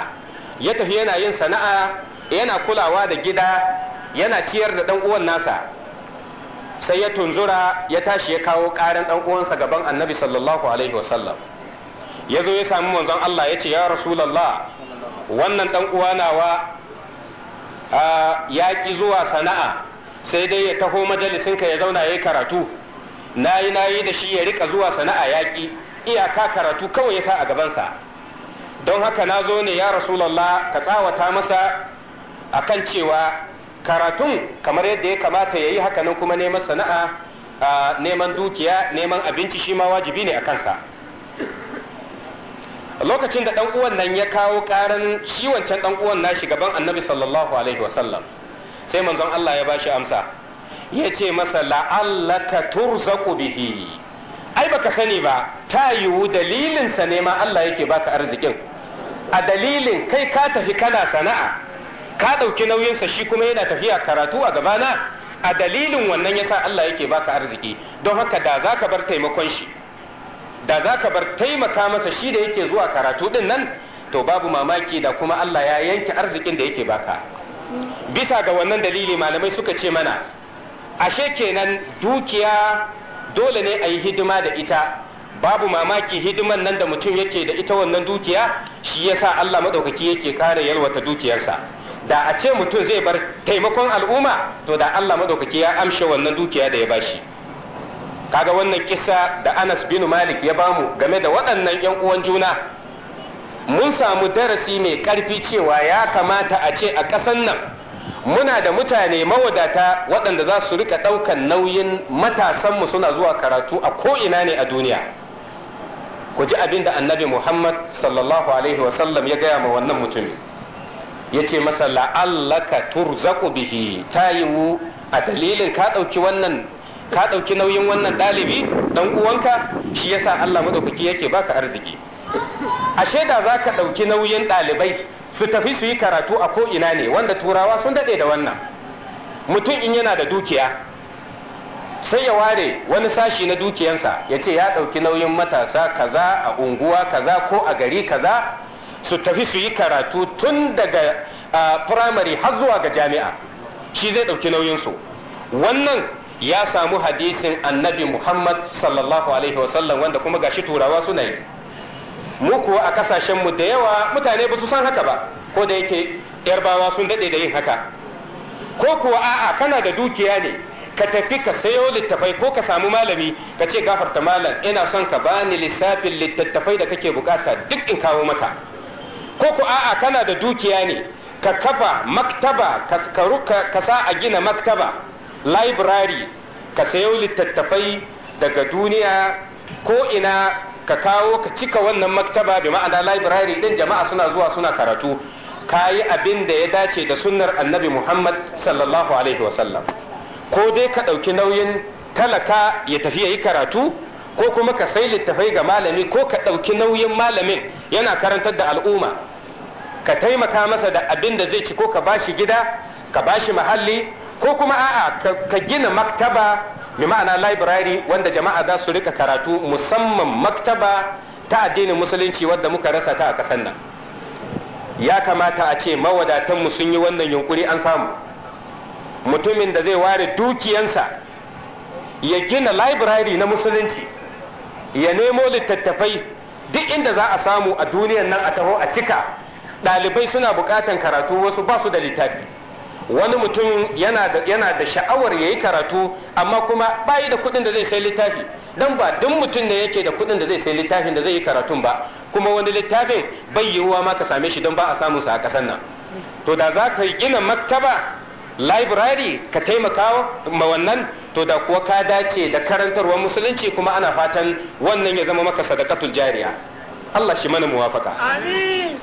ya tafi yana yin sana'a yana kulawa da gida yana ciyar da dan uwan nasa sai ya tunzura ya tashi ya kawo ƙarin dan uwansa gaban annabi sallallahu alaihi wasallam ya zo ya samu manzon Allah ya ce ya rasulullah wannan dan uwa nawa ya ki zuwa sana'a sai dai ya taho majalisinka ya zauna ya yi karatu nayi nayi da shi ya rika zuwa sana'a yaƙi iyaka karatu kawai ya sa a gabansa don haka na zo ne ya rasulallah ka tsawata masa akan cewa karatun kamar yadda ya kamata ya yi hakanan kuma neman sana'a neman dukiya neman abinci shi ma wajibi ne a kansa lokacin da uwan nan ya kawo karan shi wancan uwan nashi gaban annabi sallallahu alaihi wasallam sai manzon Allah ya ba shi amsa ya ce masa la'allaka turzaku bihi ai baka sani ba ta yiwu dalilinsa ne ma Allah yake baka arzikin a dalilin kai ka tafi kana sana'a ka ɗauki nauyinsa shi kuma yana tafiya karatu a gabana a dalilin wannan yasa Allah yake baka arziki don haka da za ka bar taimakon shi da za ka bar taimaka masa shi da yake zuwa karatu din nan to babu mamaki da kuma Allah ya yanke arzikin da yake baka bisa ga wannan dalili malamai suka ce mana ashe kenan dukiya dole ne a yi hidima da ita babu mamaki hidiman nan da mutum yake da ita wannan dukiya shi yasa Allah madaukaki yake kare yalwata dukiyarsa da a ce mutum zai bar taimakon al'umma to da Allah madaukaki ya amshe wannan dukiya da ya bashi kaga wannan kisa da Anas bin Malik ya bamu game da waɗannan ƴan uwan juna mun samu darasi mai ƙarfi cewa ya kamata a ce a ƙasan nan muna da mutane mawadata waɗanda za su rika ɗaukan nauyin matasanmu suna zuwa karatu a ko'ina ne a duniya ku ji abin da annabi muhammad sallallahu alaihi wasallam ya gaya ma wannan mutumin ya ce masa la'allaka turzaku bihi ta yi mu a dalilin ka ɗauki wannan ka ɗauki nauyin wannan ɗalibi ɗan uwanka shi yasa allah maɗaukaki yake baka arziki ashe da za ka ɗauki nauyin ɗalibai su tafi su yi karatu a ko ina ne wanda turawa sun daɗe da wannan mutum in yana da dukiya sai ya ware wani sashi na dukiyansa ya ce ya ɗauki nauyin matasa kaza a unguwa kaza ko a gari kaza su tafi su yi karatu tun daga firamare har zuwa ga jami'a shi zai ɗauki nauyinsu wannan ya samu hadisin annabi muhammad sallallahu alaihi wasallam wanda kuma gashi turawa suna yi mu kuwa a kasashen mu da yawa mutane ba su san haka ba ko da yake yarbawa sun daɗe da yin haka ko kuwa a'a kana da dukiya ne ka tafi ka sayo littafai ko ka samu malami ka ce gafarta malam ina son ka bani lissafin littattafai da kake bukata duk in kawo maka ko ku a'a kana da dukiya ne ka kafa maktaba ka sa a gina maktaba library ka sayo littattafai daga duniya ko ina ka kawo ka cika wannan maktaba bi ma'ana library din jama'a suna zuwa suna karatu kayi abin da ya dace da sunnar annabi Muhammad sallallahu alaihi wasallam ko dai ka ɗauki nauyin talaka ya tafi yayi karatu ko kuma ka sai littafai ga malami ko ka ɗauki nauyin malamin yana karantar da al'umma ka taimaka masa da abin da zai ci ko ka bashi gida ka bashi mahalli ko kuma a'a ka gina maktaba bi ma'ana library wanda jama'a za su rika karatu musamman maktaba ta addinin musulunci wadda muka rasa ta a kasan nan ya kamata a ce mawadatanmu sun yi wannan yunkuri an samu mutumin da zai ware dukiyansa ya gina library na musulunci ya nemo littattafai duk inda za a samu a duniyan nan a taho a cika ɗalibai suna buƙatan karatu wasu ba su da littafi wani mutum yana da yana da sha'awar yayi karatu amma kuma bai da kuɗin da zai sai littafi dan ba duk mutum ne yake da kuɗin da zai sai littafin da zai yi karatun ba kuma wani littafin bai yiwuwa ma ka same shi don ba a samu sa a kasan nan to da za ka gina maktaba library ka taimaka ma wannan to da kuwa ka dace da karantarwar musulunci kuma ana fatan wannan ya zama maka sadakatul jariya Allah shi mana muwafaka amin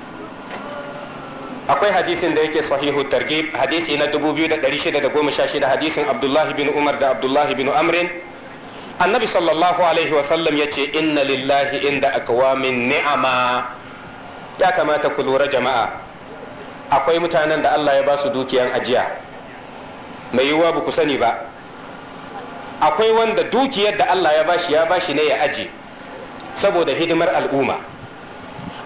akwai hadisin da yake sahihu targhib hadisi na 2616 hadisin Abdullahi bin Umar da Abdullahi bin Amrin annabi sallallahu alaihi wa ya ce inna lillahi inda min ni'ama ya kamata ku lura jama'a akwai mutanen da Allah ya ba su dukiyan ajiya mai yiwuwa ba ku sani ba akwai wanda dukiyar da Allah ya bashi ya bashi ne ya aje saboda hidimar al'umma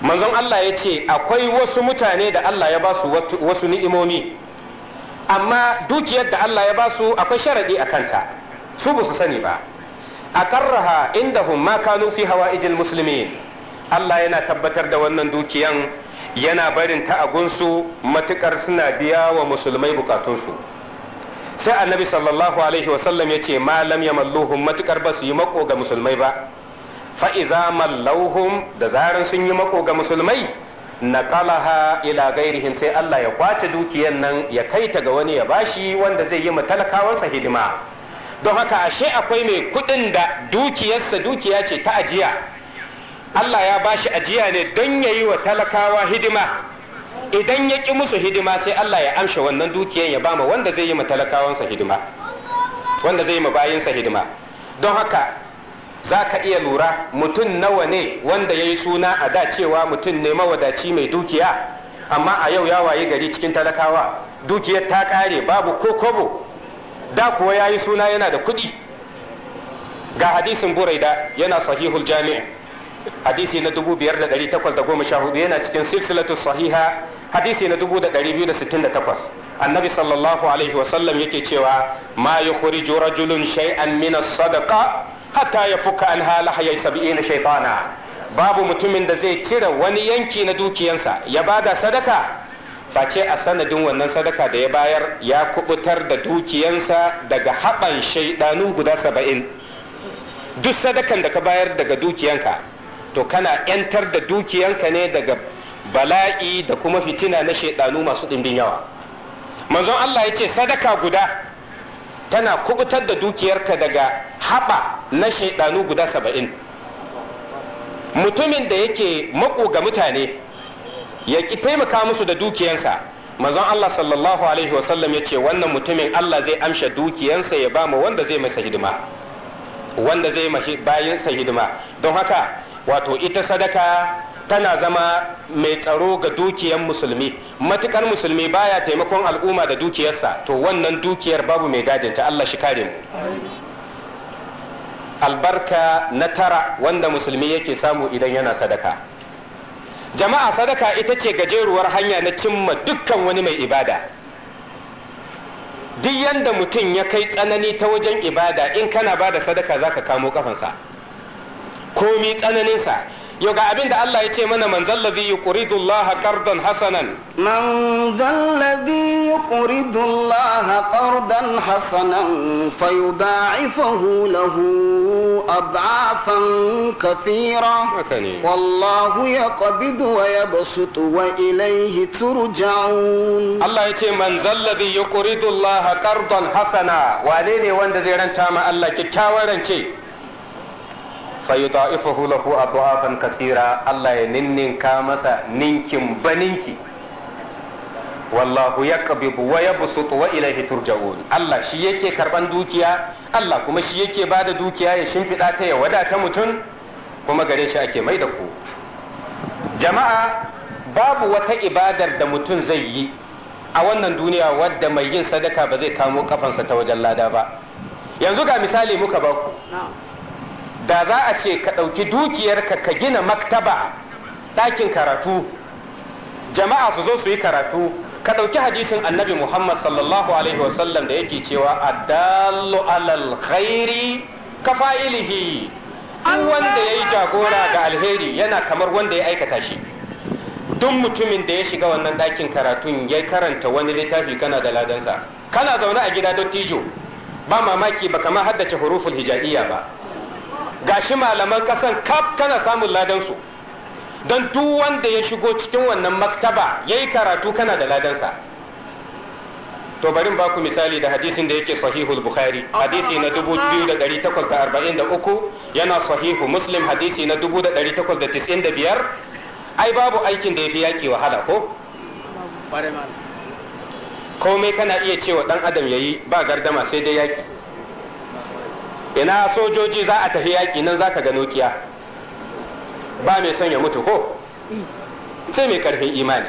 manzon Allah ya ce akwai wasu mutane da Allah ya ba su wasu ni'imomi amma dukiyar da Allah ya ba su akwai sharaɗi a kanta su ba su sani ba a karraha inda ma kanu fi hawa ijil musulmi Allah yana tabbatar da wannan dukiyan yana barin ta a gunsu matukar suna biya wa musulmai bukatunsu sai annabi sallallahu alaihi wasallam ya ce malam ya malluhun matukar ba su yi mako ga musulmai ba fa iza da zaran sun yi mako ga musulmai naqalaha ila ghairihim sai Allah ya kwace dukiyan nan ya kai ta ga wani ya bashi wanda zai yi matalakawansa hidima don haka ashe akwai mai kudin da dukiyarsa dukiya ce ta ajiya Allah ya bashi ajiya ne don ya yi wa talakawa hidima idan ya ƙi musu hidima sai Allah ya amshe wannan dukiyan ya mu wanda zai yi ma hidima wanda zai yi ma hidima don haka za ka iya lura mutum nawa ne wanda ya yi suna a da cewa mutum ne mawadaci mai dukiya amma a yau ya waye gari cikin talakawa dukiyar ta ƙare babu ko kobo da kuwa ya yi suna yana da kuɗi ga hadisin buraida yana sahihul jami'a hadisi na 5814 yana cikin silsilatu sahiha hadisi na 2268 annabi sallallahu alaihi wasallam yake cewa ma yukhriju rajulun shay'an min as-sadaqa hatta ya fuka an hala hayai sabi'i na babu mutumin da zai kira wani yanki na dukiyansa ya bada sadaka face a sanadin wannan sadaka da ya bayar ya kubutar da dukiyansa daga haɓan shaidanu guda saba'in duk sadakan da ka bayar daga dukiyanka to kana yantar da dukiyanka ne daga bala'i da kuma fitina na shaidanu masu ɗimbin yawa manzon Allah ya ce sadaka guda tana kubutar da dukiyarka daga haɓa na shaidanu guda saba'in mutumin da yake mako ga mutane ya ki taimaka musu da dukiyansa mazan Allah sallallahu alaihi wasallam ya ce wannan mutumin Allah zai amsha dukiyansa ya ba mu wanda zai masa hidima wanda zai mashi sa hidima don haka wato ita sadaka tana zama mai tsaro ga dukiyar musulmi matukar musulmi baya taimakon al'umma da dukiyarsa to wannan dukiyar babu mai gadinta Allah shi kare mu albarka na tara wanda musulmi yake samu idan yana sadaka jama'a sadaka ita ce gajeruwar hanya na cimma dukkan wani mai ibada duk yanda mutum ya kai tsanani ta wajen ibada in kana ba da sadaka za ka kamo kafansa komi tsananinsa yau ga abin da Allah ya ce mana man zallazi yuqridu Allah qardan hasanan man zallazi yuqridu Allah qardan hasanan fayudha'ifahu lahu ad'afan kathira wallahu yaqbidu wa yabsutu wa ilaihi turja'un Allah ya ce man zallazi yuqridu Allah qardan hasana wane ne wanda zai ranta ma Allah kyakkyawan rance fa lahu atwafan kasira Allah ya ninninka masa ninkin baninki wallahu yaqbidu wa yabsutu wa ilayhi turja'un Allah shi yake karban dukiya Allah kuma shi yake bada dukiya ya shimfiɗa ta ya wadata mutum kuma gare shi ake mai da ku jama'a babu wata ibadar da mutum zai yi a wannan duniya wadda mai yin sadaka ba zai kamo kafansa ta wajen lada ba yanzu ga misali muka baku da za a ce ka ɗauki dukiyarka ka gina maktaba ɗakin karatu jama'a su zo su yi karatu ka ɗauki hadisin annabi muhammad sallallahu alaihi wasallam da yake cewa adallu alal khairi ka fa'ilihi an wanda ya yi jagora ga alheri yana kamar wanda ya aikata shi duk mutumin da ya shiga wannan ɗakin karatun ya karanta wani littafi kana da ladansa kana zaune a gida don tijo ba mamaki ba kamar haddace huruful hija'iyya ba gashi malaman kasan kaf kana samun ladan su don duk wanda ya shigo cikin wannan maktaba ya yi karatu kana da ladansa to barin ba ku misali da hadisin da yake sahihul bukhari hadisi na 2843 yana sahihu muslim hadisi na 1895 ai babu aikin da ya fi yaƙi wahala ko komai kana iya cewa dan adam ya yi ba gardama sai dai yaƙi ina sojoji za a tafi yaƙi nan za ka ga nokiya ba mai son ya mutu ko sai mai karfin imani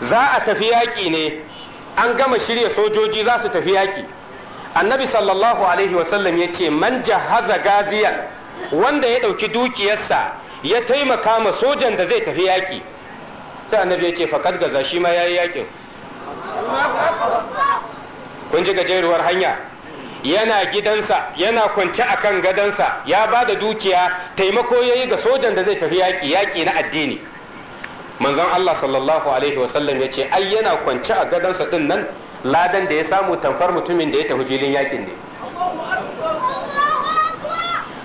za a tafi yaƙi ne an gama shirya sojoji za su tafi yaƙi annabi sallallahu alaihi wasallam ya ce man jahaza gaziyan wanda ya ɗauki dukiyarsa ya taimaka ma sojan da zai tafi yaƙi sai annabi ya ce fakat gaza shi ma ya yi yaƙin kun ji gajeruwar hanya yana gidansa yana kwance a kan gadansa ya ba da dukiya taimako ya yi ga sojan da zai tafi yaƙi yaƙi na addini manzon Allah sallallahu alaihi wasallam ya ce ai yana kwance a gadansa ɗin nan ladan da ya samu tamfar mutumin da ya tafi filin yaƙin ne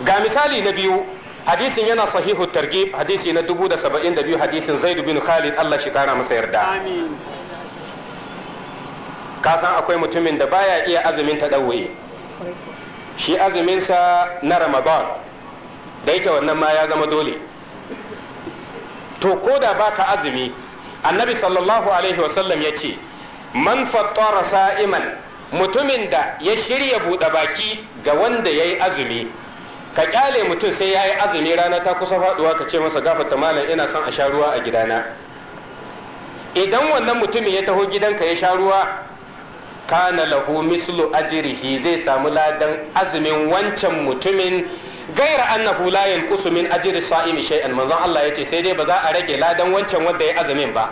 ga misali na biyu hadisin yana sahihu targib hadisi na 1072 hadisin zaid bin khalid Allah shi kara masa yarda amin ka san akwai mutumin da baya iya azumin ta tadawwi shi azuminsa na ramadan da yake wannan ma ya zama dole to ko da baka azumi annabi sallallahu alaihi wasallam ya ce man fattara sa'iman mutumin da ya shirya buɗe baki ga wanda ya yi azumi ka kyale mutum sai ya yi azumi rana ta kusa faɗuwa ka ce masa gafarta malam ina son a sha ruwa a gidana idan wannan mutumin ya taho gidanka ya sha ruwa kana lahu mislu ajrihi zai samu ladan azumin wancan mutumin gaira annahu la yanqusu min ajri sa'imi shay'an manzon Allah yace sai dai ba za a rage ladan wancan wanda ya azumin ba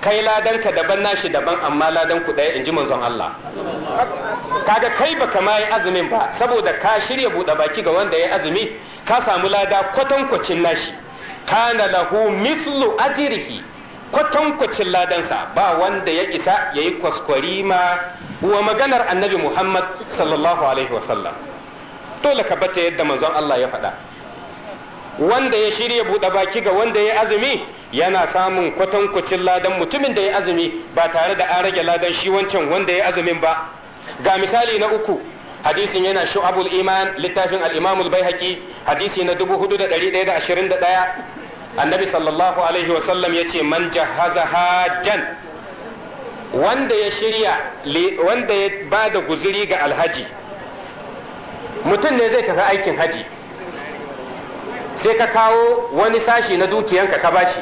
kai ladan ka daban nashi daban amma ladan ku daya inji manzon Allah kaga kai ba ma yi azumin ba saboda ka shirya bude baki ga wanda ya azumi ka samu lada kwatankwacin nashi kana lahu mislu ajrihi kwatankwacin ladansa ba wanda ya isa yayi kwaskwarima wa maganar annabi Muhammad sallallahu alaihi wasallam dole ka bata yadda manzon Allah ya faɗa wanda ya shirya buɗe baki ga wanda ya azumi yana samun kwatankwacin ladan mutumin da ya azumi ba tare da an rage ladan shi wancan wanda ya azumin ba ga misali na uku hadisin yana shu'abul iman littafin al-imamul baihaqi hadisi na 4121 annabi sallallahu alaihi wasallam yace man jahaza hajjan wanda ya shirya wanda ya ba da guziri ga alhaji mutum ne zai tafi aikin haji sai ka kawo wani sashi na dukiyanka ka bashi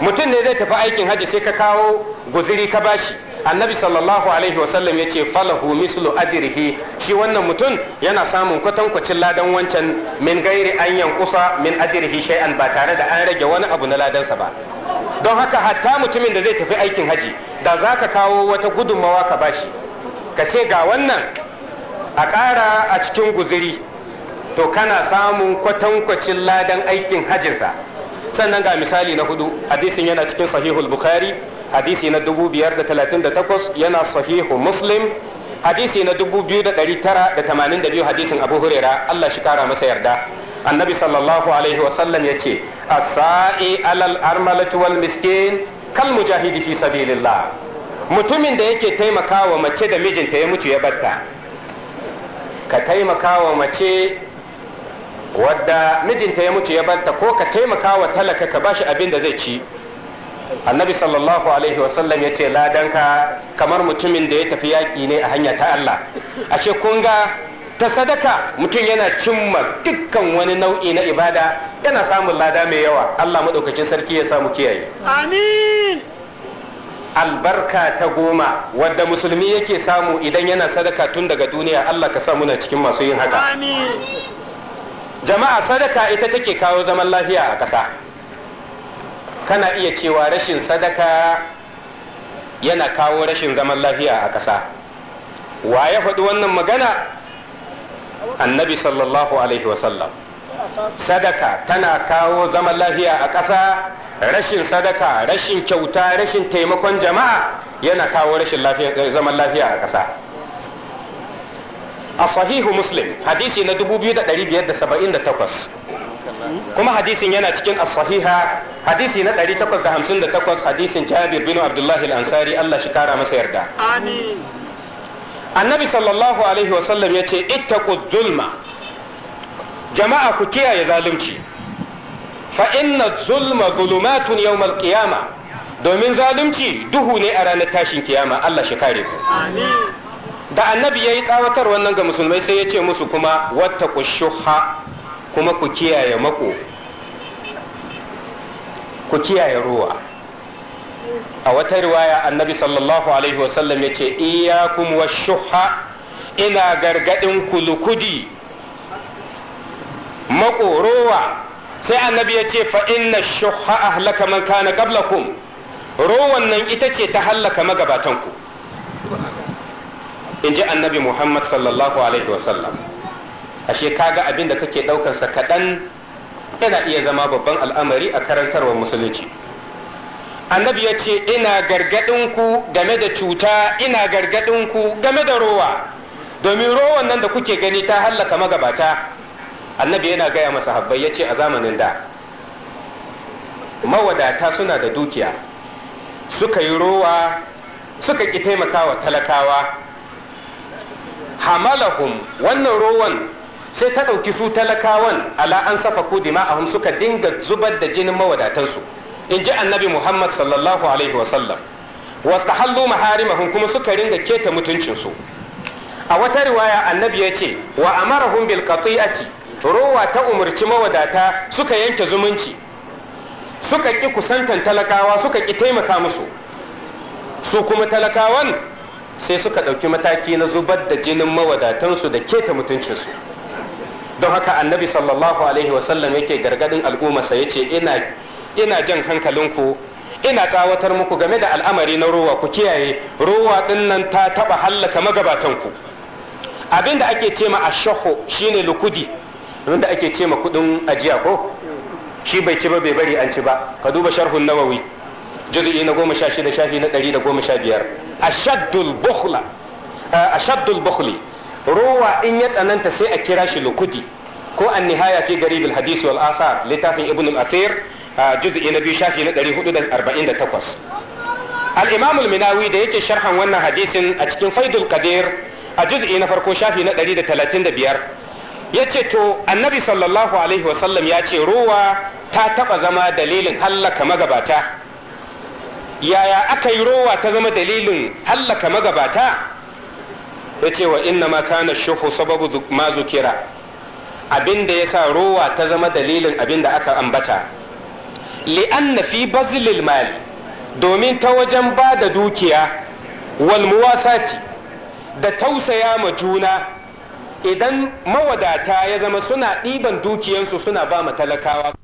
mutum ne zai tafi aikin haji sai ka kawo guziri ka bashi annabi sallallahu alaihi wasallam ya ce falahu mislu ajrihi shi wannan mutum yana samun kwatankwacin ladan wancan min gairi an yankusa min ajrihi shay'an ba tare da an rage wani abu na ladansa ba don haka hatta mutumin da zai tafi aikin haji da za ka kawo wata gudunmawa ka bashi ka ce ga wannan a ƙara a cikin guziri to kana samun kwatankwacin ladan aikin hajinsa sannan ga misali na hudu hadisin yana cikin sahihul bukhari hadisi na 538 yana sahihu muslim hadisi na 2982 hadisin abu huraira Allah shi kara masa yarda annabi sallallahu alaihi wasallam ya ce Asa'i alal armalati wal miskin kal mujahidi fi sabilillah mutumin da yake taimakawa mace da mijinta ya mutu ya batta ka taimakawa mace wadda mijinta ya mutu ya batta ko ka taimakawa talaka ka bashi abin da zai ci annabi sallallahu alaihi wasallam ya ce ladanka kamar mutumin da ya tafi yaƙi ne a hanya ta Allah ashe kun ga ta sadaka mutum yana cimma dukkan wani nau'i na ibada yana samun lada mai yawa Allah maɗaukacin sarki ya samu kiyaye amin albarka ta goma wadda musulmi yake samu idan yana sadaka tun daga duniya Allah ka sa muna cikin masu yin haka amin jama'a sadaka ita take kawo zaman lafiya a ƙasa kana iya cewa rashin sadaka yana kawo rashin zaman lafiya a ƙasa wa ya faɗi wannan magana annabi sallallahu alaihi wasallam sadaka tana kawo zaman lafiya a ƙasa rashin sadaka rashin kyauta rashin taimakon jama'a yana kawo rashin zaman lafiya a ƙasa a sahihu muslim hadisi na 2578 kuma hadisin yana cikin as-sahiha hadisi na 858 hadisin Jabir bin abdullahi al-Ansari Allah shi kara masa yarda amin annabi sallallahu alaihi wa sallam yace ittaqu zulma jama'a ku kiyaye zalunci fa inna zulma zulumatun yawm al-qiyamah domin zalunci duhu ne a ranar tashin kiyama Allah shi kare ku amin da annabi ya yi tsawatar wannan ga musulmai sai ya ce musu kuma wata shuha kuma ku kiyaye mako ku kiyaye ruwa a wata riwaya annabi sallallahu alaihi wasallam ya ce kuma wa shuha ina gargadin kulukudi mako ruwa sai annabi ya ce fa inna shuha ahlaka man kana qablakum ruwan nan ita ce ta hallaka magabatanku ku in ji annabi muhammad sallallahu alaihi wasallam ashe kaga abin da kake ɗaukansa kaɗan yana iya zama babban al'amari a karantarwar musulunci annabi ya ce ina ku game da cuta ina ku game da rowa domin rowan nan da kuke gani ta hallaka magabata annabi yana gaya masa habbai ya ce a zamanin da mawadata suna da dukiya suka yi rowa suka ƙi taimakawa talakawa hamalahum wannan rowan sai ta ɗauki su talakawan ala an safa ku suka dinga zubar da jinin mawadatansu in ji annabi muhammad sallallahu alaihi wasallam wastahallu maharimahum kuma suka ringa keta mutuncinsu a wata riwaya annabi ya ce wa amarahum bil qati'ati rowa ta umarci mawadata suka yanke zumunci suka ki kusantan talakawa suka ki taimaka musu su kuma talakawan sai suka ɗauki mataki na zubar da jinin mawadatansu da keta mutuncinsu don haka annabi sallallahu alaihi wasallam yake gargadin al'ummarsa ya ce ina jan hankalinku ina tsawatar muku game da al'amari na ruwa ku kiyaye ruwa ɗin nan ta taɓa hallaka magabatanku abin da ake ce ma ashaho shine lukudi wanda ake ce ma kuɗin ajiya ko shi bai ci ba bai bari an ci ba ka duba sharhun nawawi juz'i na goma sha shida shafi na ɗari da goma sha biyar ashaddul bukhla eh, ashaddul bukhli ruwa in ya tsananta sai a kira shi lukudi ko an nihaya fi garibul hadisi wal athar littafin ibn al-athir eh, juz'i na biyu shafi na 448 al-imam al-minawi da yake sharhan wannan hadisin a cikin faidul qadir a juz'i na farko shafi na 135 ce to annabi sallallahu alaihi wasallam ya ce ruwa ta taba zama dalilin hallaka magabata yaya aka yi rowa ta zama dalilin hallaka magabata ya ce wa inna ma kana shuhu sababu ma zukira abin da ya sa rowa ta zama dalilin abin da aka ambata li'anna fi bazlil mal domin ta wajen ba da dukiya wal muwasati da tausaya ma juna idan mawadata ya zama suna ɗiban dukiyansu suna ba talakawa